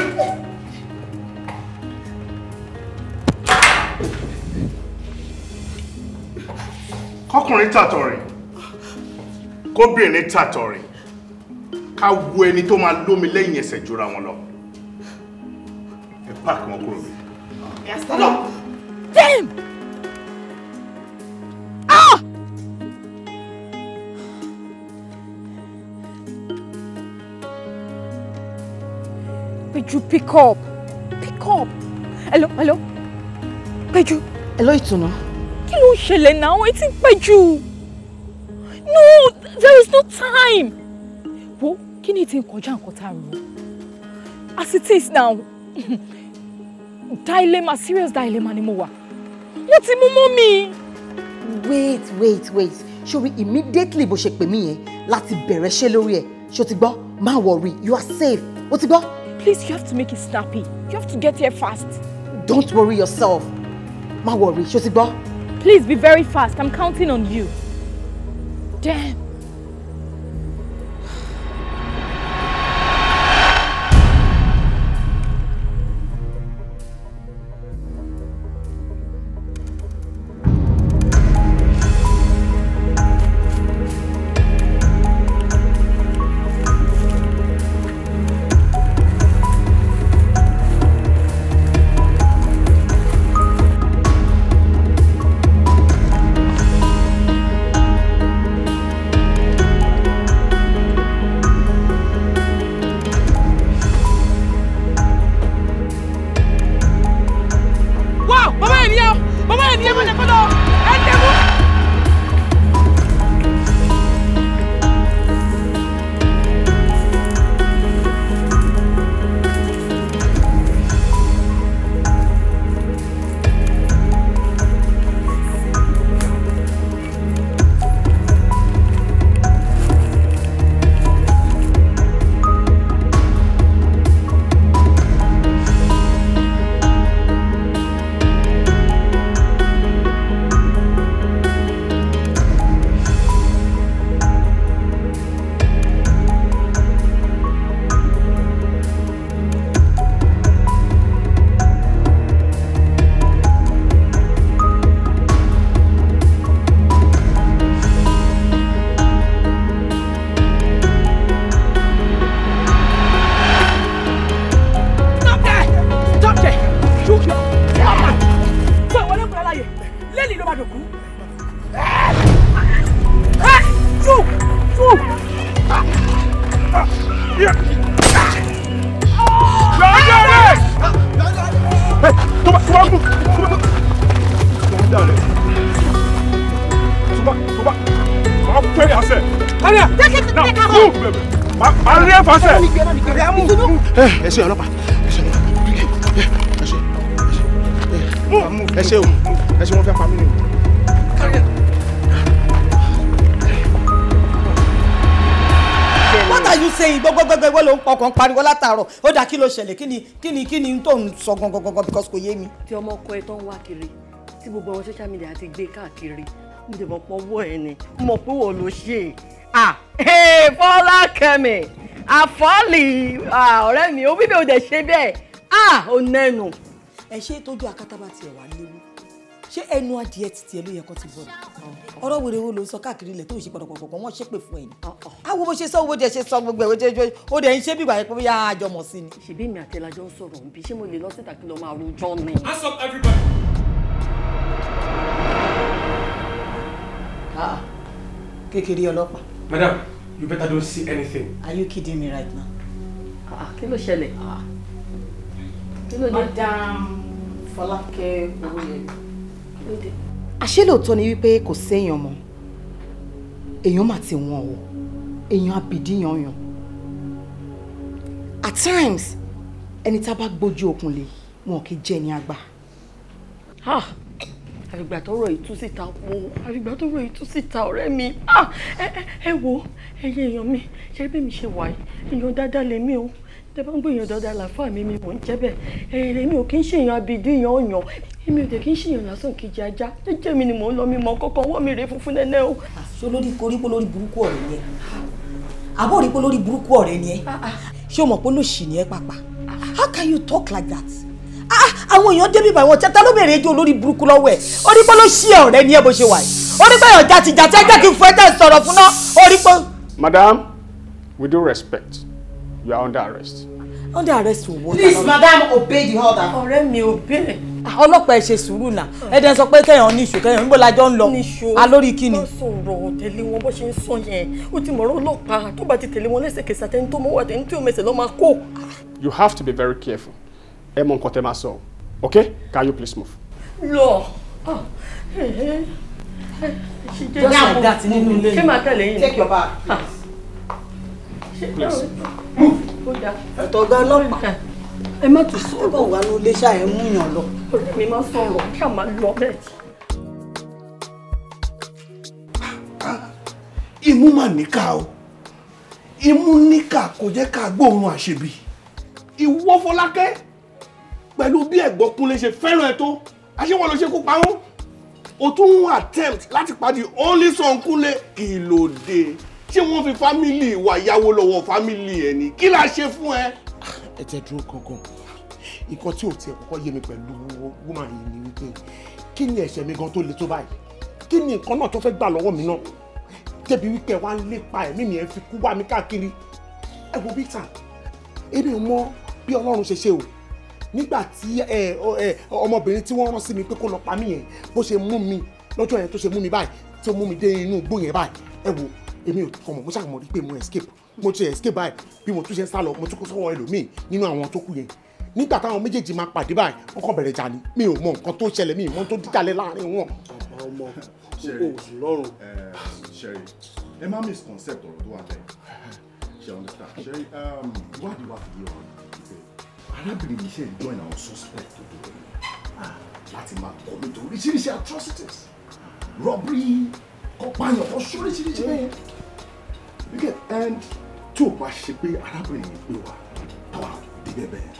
kọkùnrin tàtọ̀ rẹ̀ kóbìnrin tàtọ̀rìn ká wo ẹni tó máa lómi lẹ́yìn ẹsẹ̀ jura wọn lọ ẹ pààkì wọn kúrò mi. ẹ stand up. Damn! Ah! Peju, pick up. Pick up. Hello, hello. Peju. Hello, Ìtùnú. Kí ló ń ṣẹlẹ̀ náà? Ẹ ti ń pẹ́ No, there is no time. wo kí ni ti ń kọjá nǹkan tá a rò as it is now dilemma serious dilemma ni mo wà wọ́n ti mú mọ́ mi. wait wait wait sori immediately bó ṣe pè mí yẹn láti bẹ̀rẹ̀ ṣe lórí ẹ̀ ṣó ti gbọ́ má worry you are safe o ti gbọ́. please you have to make it snappy you have to get here fast. don't worry yourself má worry ṣó ti gbọ́. please be very fast i'm counting on you. damn. pariwo látàárọ̀ ó dà kí ló ṣẹlẹ̀ kí ni kí ni kí ni tó ń sọ gangan because kò yé mi. tí ọmọ ọkọ ẹ tó ń wá kiri tí gbogbo àwọn social media ti gbé káàkiri mo dẹ̀ mọ̀ pọ̀ ẹ ni mo pé wọ́n ló ṣe é. Fọlá Kẹ́mi àfọ́lì ọ̀rẹ́ mi òbí mi ò dẹ̀ ṣe bẹ́ẹ̀ ó nẹ́nu. ẹ ṣe é tójú akátá tiẹ̀ wá léwu ṣé ẹnu adìẹ ti tiẹ̀ ló yẹ kó ti bọ̀ ọ̀rọ̀ wèrè wo ló sọ káàkiri ilẹ̀ tó ń ṣe pọ̀pọ̀pọ̀ wọ́n ṣépè fún ẹ̀ ni awo bó ṣe sọ owó jẹ ṣe sọ gbogbo ẹ̀ ojoojúmọ́ ó dẹ̀ ń ṣe bíbá yẹn pé bóyá àjọmọ̀ sí ni. ṣèbí mi àti ẹlajọ ń sọ̀rọ̀ nbí ṣé mo lè lọ síta kí lọ máa rojọ́ ni. hands up everybody. Ah, kékeré ọlọ́pàá. madam you better don't see anything. are you kidding me right now. Ah, kí ló ṣẹlẹ̀ ah. kí ló dé. madam Fọlákẹ́ Owóyẹmí àṣé ni wípé kò séèyàn mọ́ èèyàn mà ti wọ̀n o èèyàn abìdíyanyan at times ẹni tá a bá gbójú okùn lé wọn kì í jẹ́ ní àgbà. àfìgbà tó rọ ìtú síta wo àfìgbà tó rọ ìtú síta ọ̀rẹ́ mi ẹ wo ẹyẹ èèyàn mi ṣe bí mi ṣe wà yìí èèyàn dáadáa lèmi o tẹ bá ń gbìyànjú ọdọ àlàfà mi mi mò ń jẹ bẹ́ẹ̀ ẹyìn èmi ò kí ń ṣèyàn abidí yan ọyàn èmi ò dé kí ń ṣèyàn lásán kejì ajá jẹjẹ mi ni mò ń lọ mi mọ kọkọ mi rè funfun nẹnẹ o. Ah, ṣé olórí kò lórí burúkú ọ̀rẹ́ ni ẹ àbó rí lórí burúkú ọ̀rẹ́ ni ẹ ah, ah. ṣé o mọ̀ pé olóṣì ni ẹ pàpà how can you talk like that àwọn èèyàn débi bá wọn tẹ́tà ló bèrè ẹjọ́ olórí burúkú lọ́wọ́ ẹ̀ orí pé olóṣì ọ̀rẹ́ ni ẹ bó ṣe wà yìí orí pé ọ̀jà tìjà tẹ́jẹ́ kí n fún ẹ tẹ́ sọ̀rọ̀ fún náà orí pé. madam with due respect you are under arrest. under arrest wo. please madam obey the order. ọ̀rẹ́ mi obey. Ah, ọlọ́pàá ẹ ṣe sùúrù náà ẹ̀dẹ̀ sọ pé kẹ́yàn níṣó kẹ́yàn níbo lájọ́ ń lọ alórí kíni. wọ́n sọ̀rọ̀ tẹ̀lé wọn bó ṣe ń sọ yẹn ó ti mọ̀rọ̀ ọlọ́pàá tó bá ti tẹ̀lé wọn lẹ́sẹ̀kẹsẹ̀ àtẹni tó mọ́wọ́ àtẹni tó mẹsẹ̀ lọ́ máa kó. you have to be very careful ẹ mọ nǹkan tẹ máa sọ ok can you please move. lọ ah, eh, eh, eh, ṣe jẹ́ ṣe àgbà tí nínú ilé yìí take your bag please move. ọ̀tọ̀gá ọlọ́pàá ẹ má tún sọ̀rọ̀ wà ló lè ṣàyẹ̀ mú yàn lọ. ọ̀rẹ́ mi máa sọ̀rọ̀ kí a máa lọ bẹ́ẹ̀. imú mà o imú níkà kò jẹ́ ká gbóòórùn àṣebí ìwọ Fọlákẹ́ pẹ̀lú bí ẹ̀gbọ́n Kúnlé ṣe fẹ́ràn ẹ tó àṣewọ́ ló ṣe kó pa wọ́n o tún ń attempt láti pàdé only son Kúnlé kí ló dé ṣé wọ́n fi fámìlì wa yáwó lọ́wọ́ fámìlì ẹ̀ ni kí la ṣe fún ẹ. ẹ tẹ dúró kankan nǹkan tí ò tiẹ̀ kọ́kọ́ yé mi pẹ̀lú wúmà yìí ni wípé kí ni ẹ̀ṣẹ̀ mi gan tó le tó báyìí kí ni nǹkan náà tó fẹ́ gbà lọ́wọ́ mi náà débi wípé wá ń lépa ẹ̀mí mi ẹ̀ fi kú wá mi káàkiri ẹ wo bíta èmi ò mọ bí ọlọ́run ṣe ṣe o nígbà tí ọmọbìnrin tí wọ́n rán sí mi pé kó lọ pa mí yẹn bó ṣe mú mi lọ́jọ́ yẹn tó ṣe mú mi báyìí tó mú mi dé inú igbó yẹn báyìí ẹ wo èmi ò kọ́ mọ̀ mo ṣàkàmọ̀ rí pé mo escape mo ti escape báyìí bí mo tún ṣe ń sá lọ mo tún kó sọ́wọ́ ẹlòmíì nínú àwọn tó kù yẹn nígbà táwọn méjèèjì máa pàdé báyìí wọ́n kàn bẹ̀rẹ̀ jà ní mi ò mọ nǹkan tó ṣẹlẹ̀ mi ò mọ tó dídàlẹ̀ láàrin wọn. ọmọ kókó oṣù lọ́rùn. Eh, Sherry ẹ má misconcept ọ̀rọ̀ tó wà lẹ́yìn ṣe understand Sherry wádìí wá fi yé ọ arábìnrin yìí ṣe ń join àwọn suspect tó dúró ah, láti máa kọ́ nítorí oríṣiríṣi atrocities robbery kọ́páyàn kọ́ sóríṣiríṣi bẹ́ẹ̀ you get and tí o bá ṣe pé arábìnrin yìí pé wá táwa débẹ̀ bẹ́ẹ̀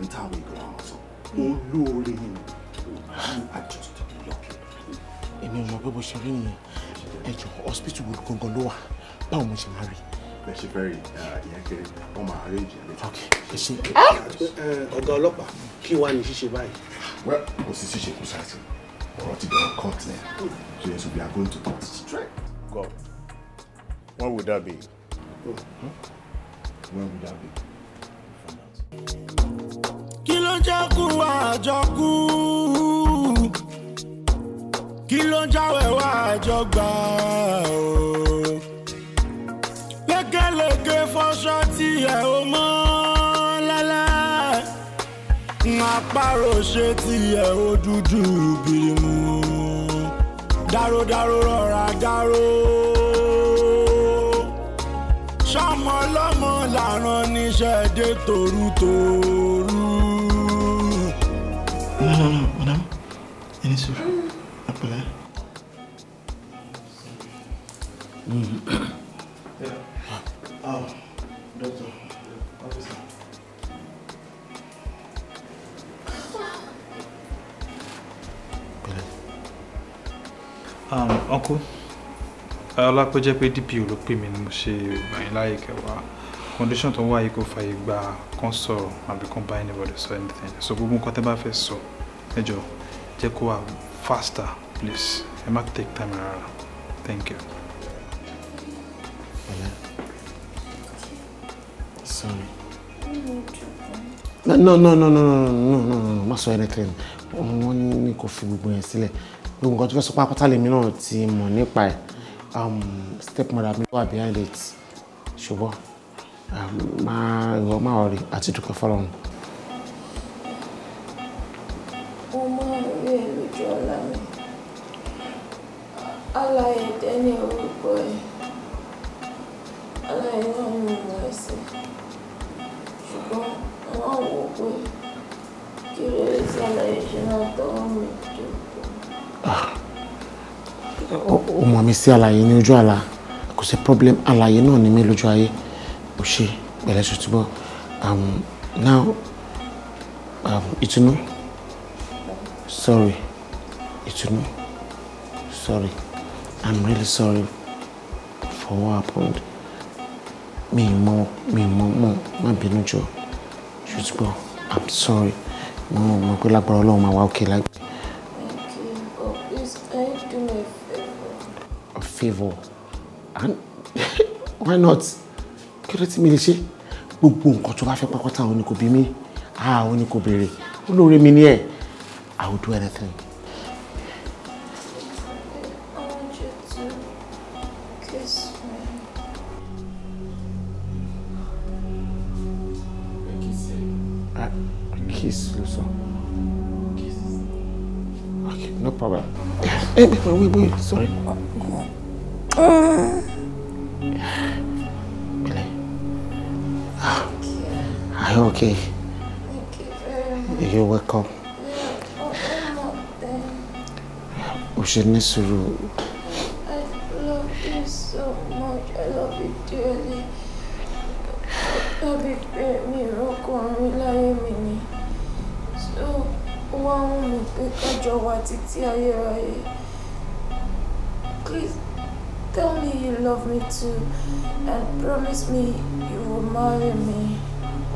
ní táwọn ìgbà wọn sọ olóore ni you are just lucky. èmi ò yọ pé bó ṣe rí nìyẹn ẹjọ hospital wo gangan ló wà báwo mo ṣe máa rí. bẹ́ẹ̀ ṣe fẹ́ rí ìyẹn kiri wọ́n máa rí ìjìyà lẹ́jọ́. ok ẹ ṣe. ọ̀gá ọlọ́pàá kí wàá ní ṣíṣe báyìí. well kò sí ṣíṣe kò sáà sí ọ̀rọ̀ ti bẹ̀rẹ̀ court náà so yes we are going to court straight. God. When would that be? Oh. Hmm? When would that be? Kí ló jẹ́ kú àjọkú? Kí ló jáwé wá àjọgbà Lékeleke fọ́ṣọ́ tí ẹ̀ ò mọ́ lálá. Àparò ṣe tí ẹ̀ ò dúdú bìrìmù. Dáró dáró rọra dáró. ṣe dé toru toru. no no no madam ẹni sọ̀rọ̀ àpẹlẹ. doctor officer. um, uncle ọlápẹ́jẹ́ pé dp ló pè mí ni mo ṣe gbà yín láyè kẹwàá. condition to why you go fàyè a console and be kán bá anybody so anything so we nǹkan tẹ́ bá fẹ́ sọ ẹ jọ jẹ́ faster please ẹ má take time rárá thank you. Bala sorry. No no no no no no no no no má sọ anything wọ́n ní kò fi gbogbo yẹn sílẹ̀ gbogbo nǹkan tó fẹ́ sọ pápátá lèmi náà ti mọ̀ nípa ẹ̀ um, step mother mi wà behind it ṣùgbọ́n máa um, ìwọ máa rí àti dúpẹ́ fọlọ́run. mo máa ń rí ẹ lójú ọ̀la mi aláyẹ tẹ́lẹ̀ orúkọ ẹ aláyẹ náà ń mú ẹsẹ̀ ṣùgbọ́n wọ́n wò pé kí ló lè ṣàlàyé ṣe náà tọ́wọ́ mi jókòó. ó ah, mọ̀ mí sí àlàyé ní ojú àlá kò sí problem àlàyé náà ní mí lójú ayé o ṣe pẹ̀lẹ́ ṣùtúbọ̀ um now um ìtùnú sorry ìtùnú sorry i'm really sorry for what happened mi mọ mi mọ mọ má bínú jọ ṣùtúbọ̀ i'm sorry mo mọ pé lágbára Ọlọ́run máa wá òkè láìpẹ́. Favor and why not? kí ló ti mi lè ṣe gbogbo nǹkan tó bá fẹ́ pápátá àwọn ni kò bí mi àwọn ni kò béèrè olóore mi ni ẹ I will do anything. Hey, wait, eh, eh, wait, wait, sorry. Uh, okay. You're welcome. o ṣe ní sùúrù. I love you so much. I love you dearly. Tàbí pé mi rọ́kùnrin láyé mi ni. So wá ń mi pé kájọ wa títí ayérayé. Please tell me you love me too and promise me you will marry me.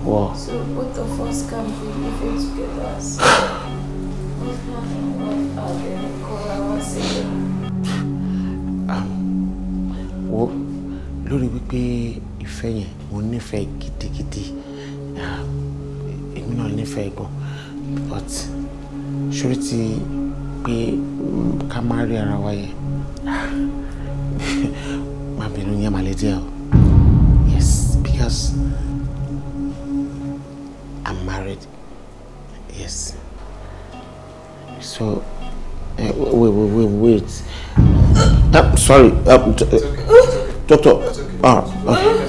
Wow. So both of us can be living together as husband and wife are then call ourselves. wo lórí wípé ìfẹ́ yẹn mo nífẹ̀ẹ́ gidigidi ah, èmi náà nífẹ̀ẹ́ gan but ṣorí ti pé ká má rí ara wa yẹn. Ah, sorry. Um, it's okay. Uh, doctor. It's okay. Ah, okay.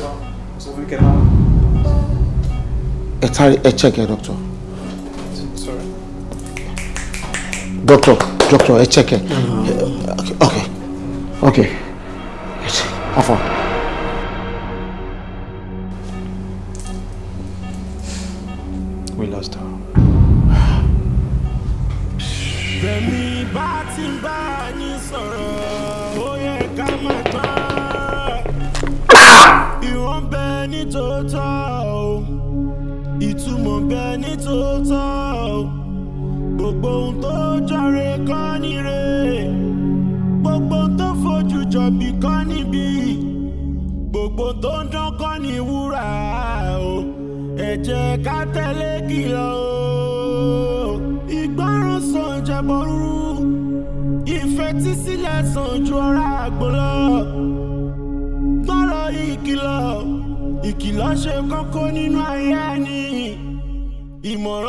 Ẹ tari ẹ check ẹ doctor. Sorry. Doctor, doctor ẹ check ẹ. Mm-hmm. Okay. Okay. Okay. Afa. Okay.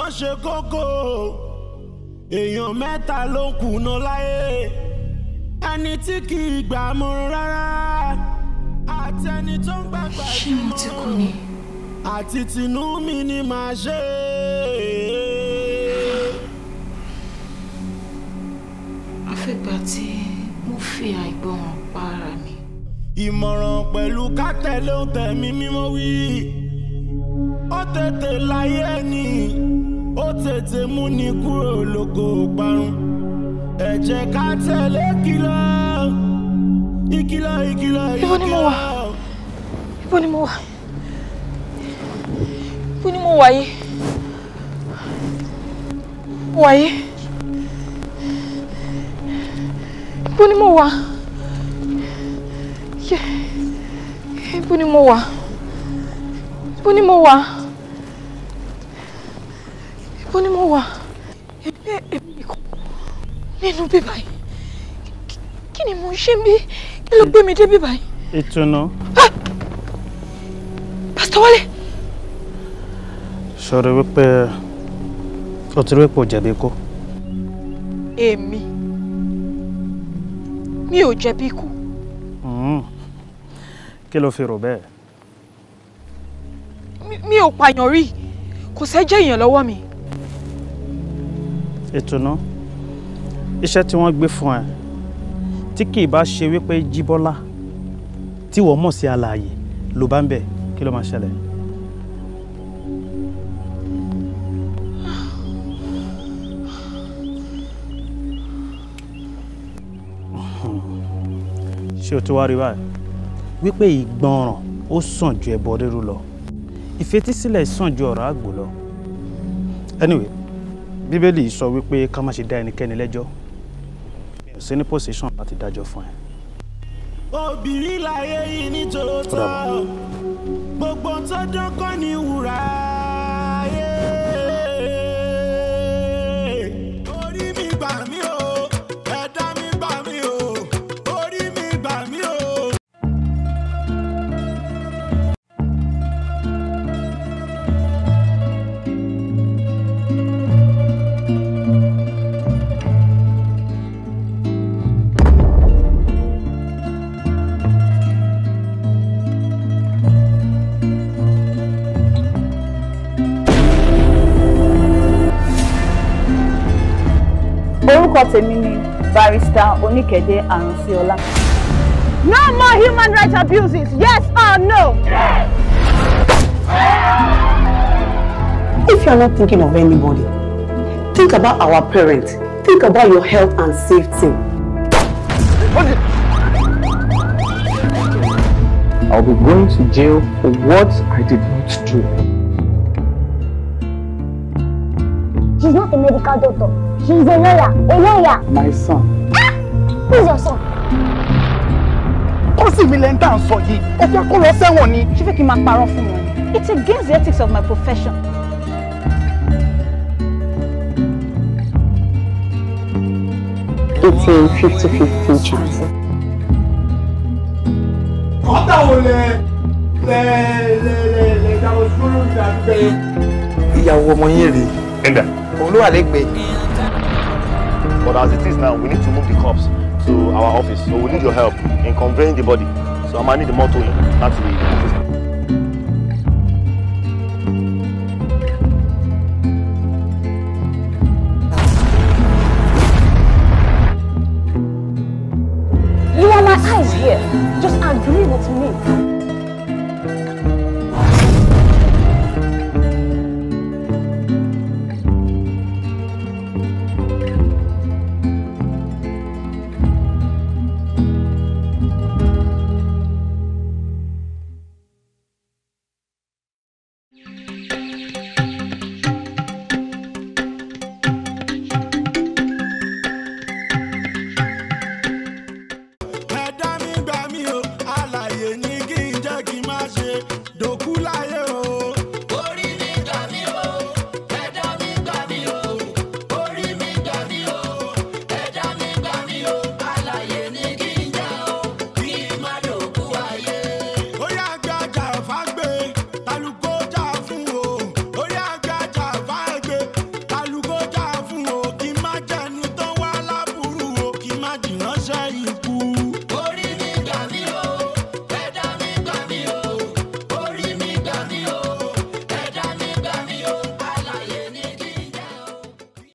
ìtàn ṣe kókó èèyàn mẹ́ta ló kùnà láyé ẹni tí kì í gbà mọ́ rárá àti ẹni tó ń gbàgbà ìmọ̀ àti tinú mi ni màá ṣe é. fìgbà tí mo fi àìgbọràn pa ara mi. ìmọ̀ràn pẹ̀lú kátẹ́lẹ́ òtẹ̀mí mímọ́ wí ó tètè láyé ẹni ó tètè mú ni kúrò lóko parun ẹ jẹ́ ká tẹ̀lé kìlọ̀ ìkìlọ̀ ìkìlọ̀ ìkìlọ̀. ibo ni mo wà ibo ni mo wà yìí wà yìí ibo ni mo wà ibo ni mo wà ibo ni mo wà ibo ni mo wà èmi èmi nìkan nínú bíbá yìí kí ni mo ń ṣe bí kí ló gbé mi dé bíbá yìí. ìtùnú. pásítọ̀ wálé. sọ̀rọ̀ wípé o ti rí ipò jẹ̀bi kó. èmi mi ò jẹ̀bi kú. Hmm. kí ló fi rò bẹ́ẹ̀. mi ò pààyàn rí kò sẹ́jẹ̀ èèyàn lọ́wọ́ mi ìtùnú iṣẹ́ tí wọ́n gbé fún ẹ tí kì í bá ṣe wípé jíbọ́lá tí wọ́n mọ̀ sí alààyè ló bá ń bẹ̀ kí ló máa ṣẹlẹ̀. ṣé o ti wá rí báyìí wípé ìgbọràn ó sàn ju ẹbọ rírú lọ ìfetísílẹ̀ sàn ju ọ̀rọ̀ àgbò lọ anyway bíbélì sọ wípé ká má ṣe dá ẹnikẹ́ni lẹ́jọ́ mi ò sí ní pòsíṣàn láti dájọ́ fún ẹ. obìnrin láyé yìí ní tòótọ́ gbogbo tó dán kọ́ ni wúrà. orúkọ tèmi ni barrister oníkẹ̀dé àrùnsíọ́lá. no more human rights abuses yes or no. If you are not thinking of anybody, think about our parents. Think about your health and safety. I'll be going to jail for what I did not do. She's not a medical doctor. She's a lawyer. A lawyer. My son. Ah! Who's your son? Kọ́sì mi lẹ́ ń dà ń sọ yìí. Ó fẹ́ kó lọ sẹ́wọ̀n ni. Ṣé fẹ́ kí n máa parọ́ fún wọn? It's against the ethics of my profession. It's a fifty-fifty chance. Ọ̀tá wo lẹ lẹ lẹ lẹ lẹ dáwọ́ sórí ìdàgbẹ́? Ìyàwó ọmọ yín rèé. Ẹ̀dà. Òun ló wà lẹ́gbẹ̀ẹ́. But as it is now, we need to move the corpse to our office. So we need your help in conveying the body. So I might need the motor in. That's the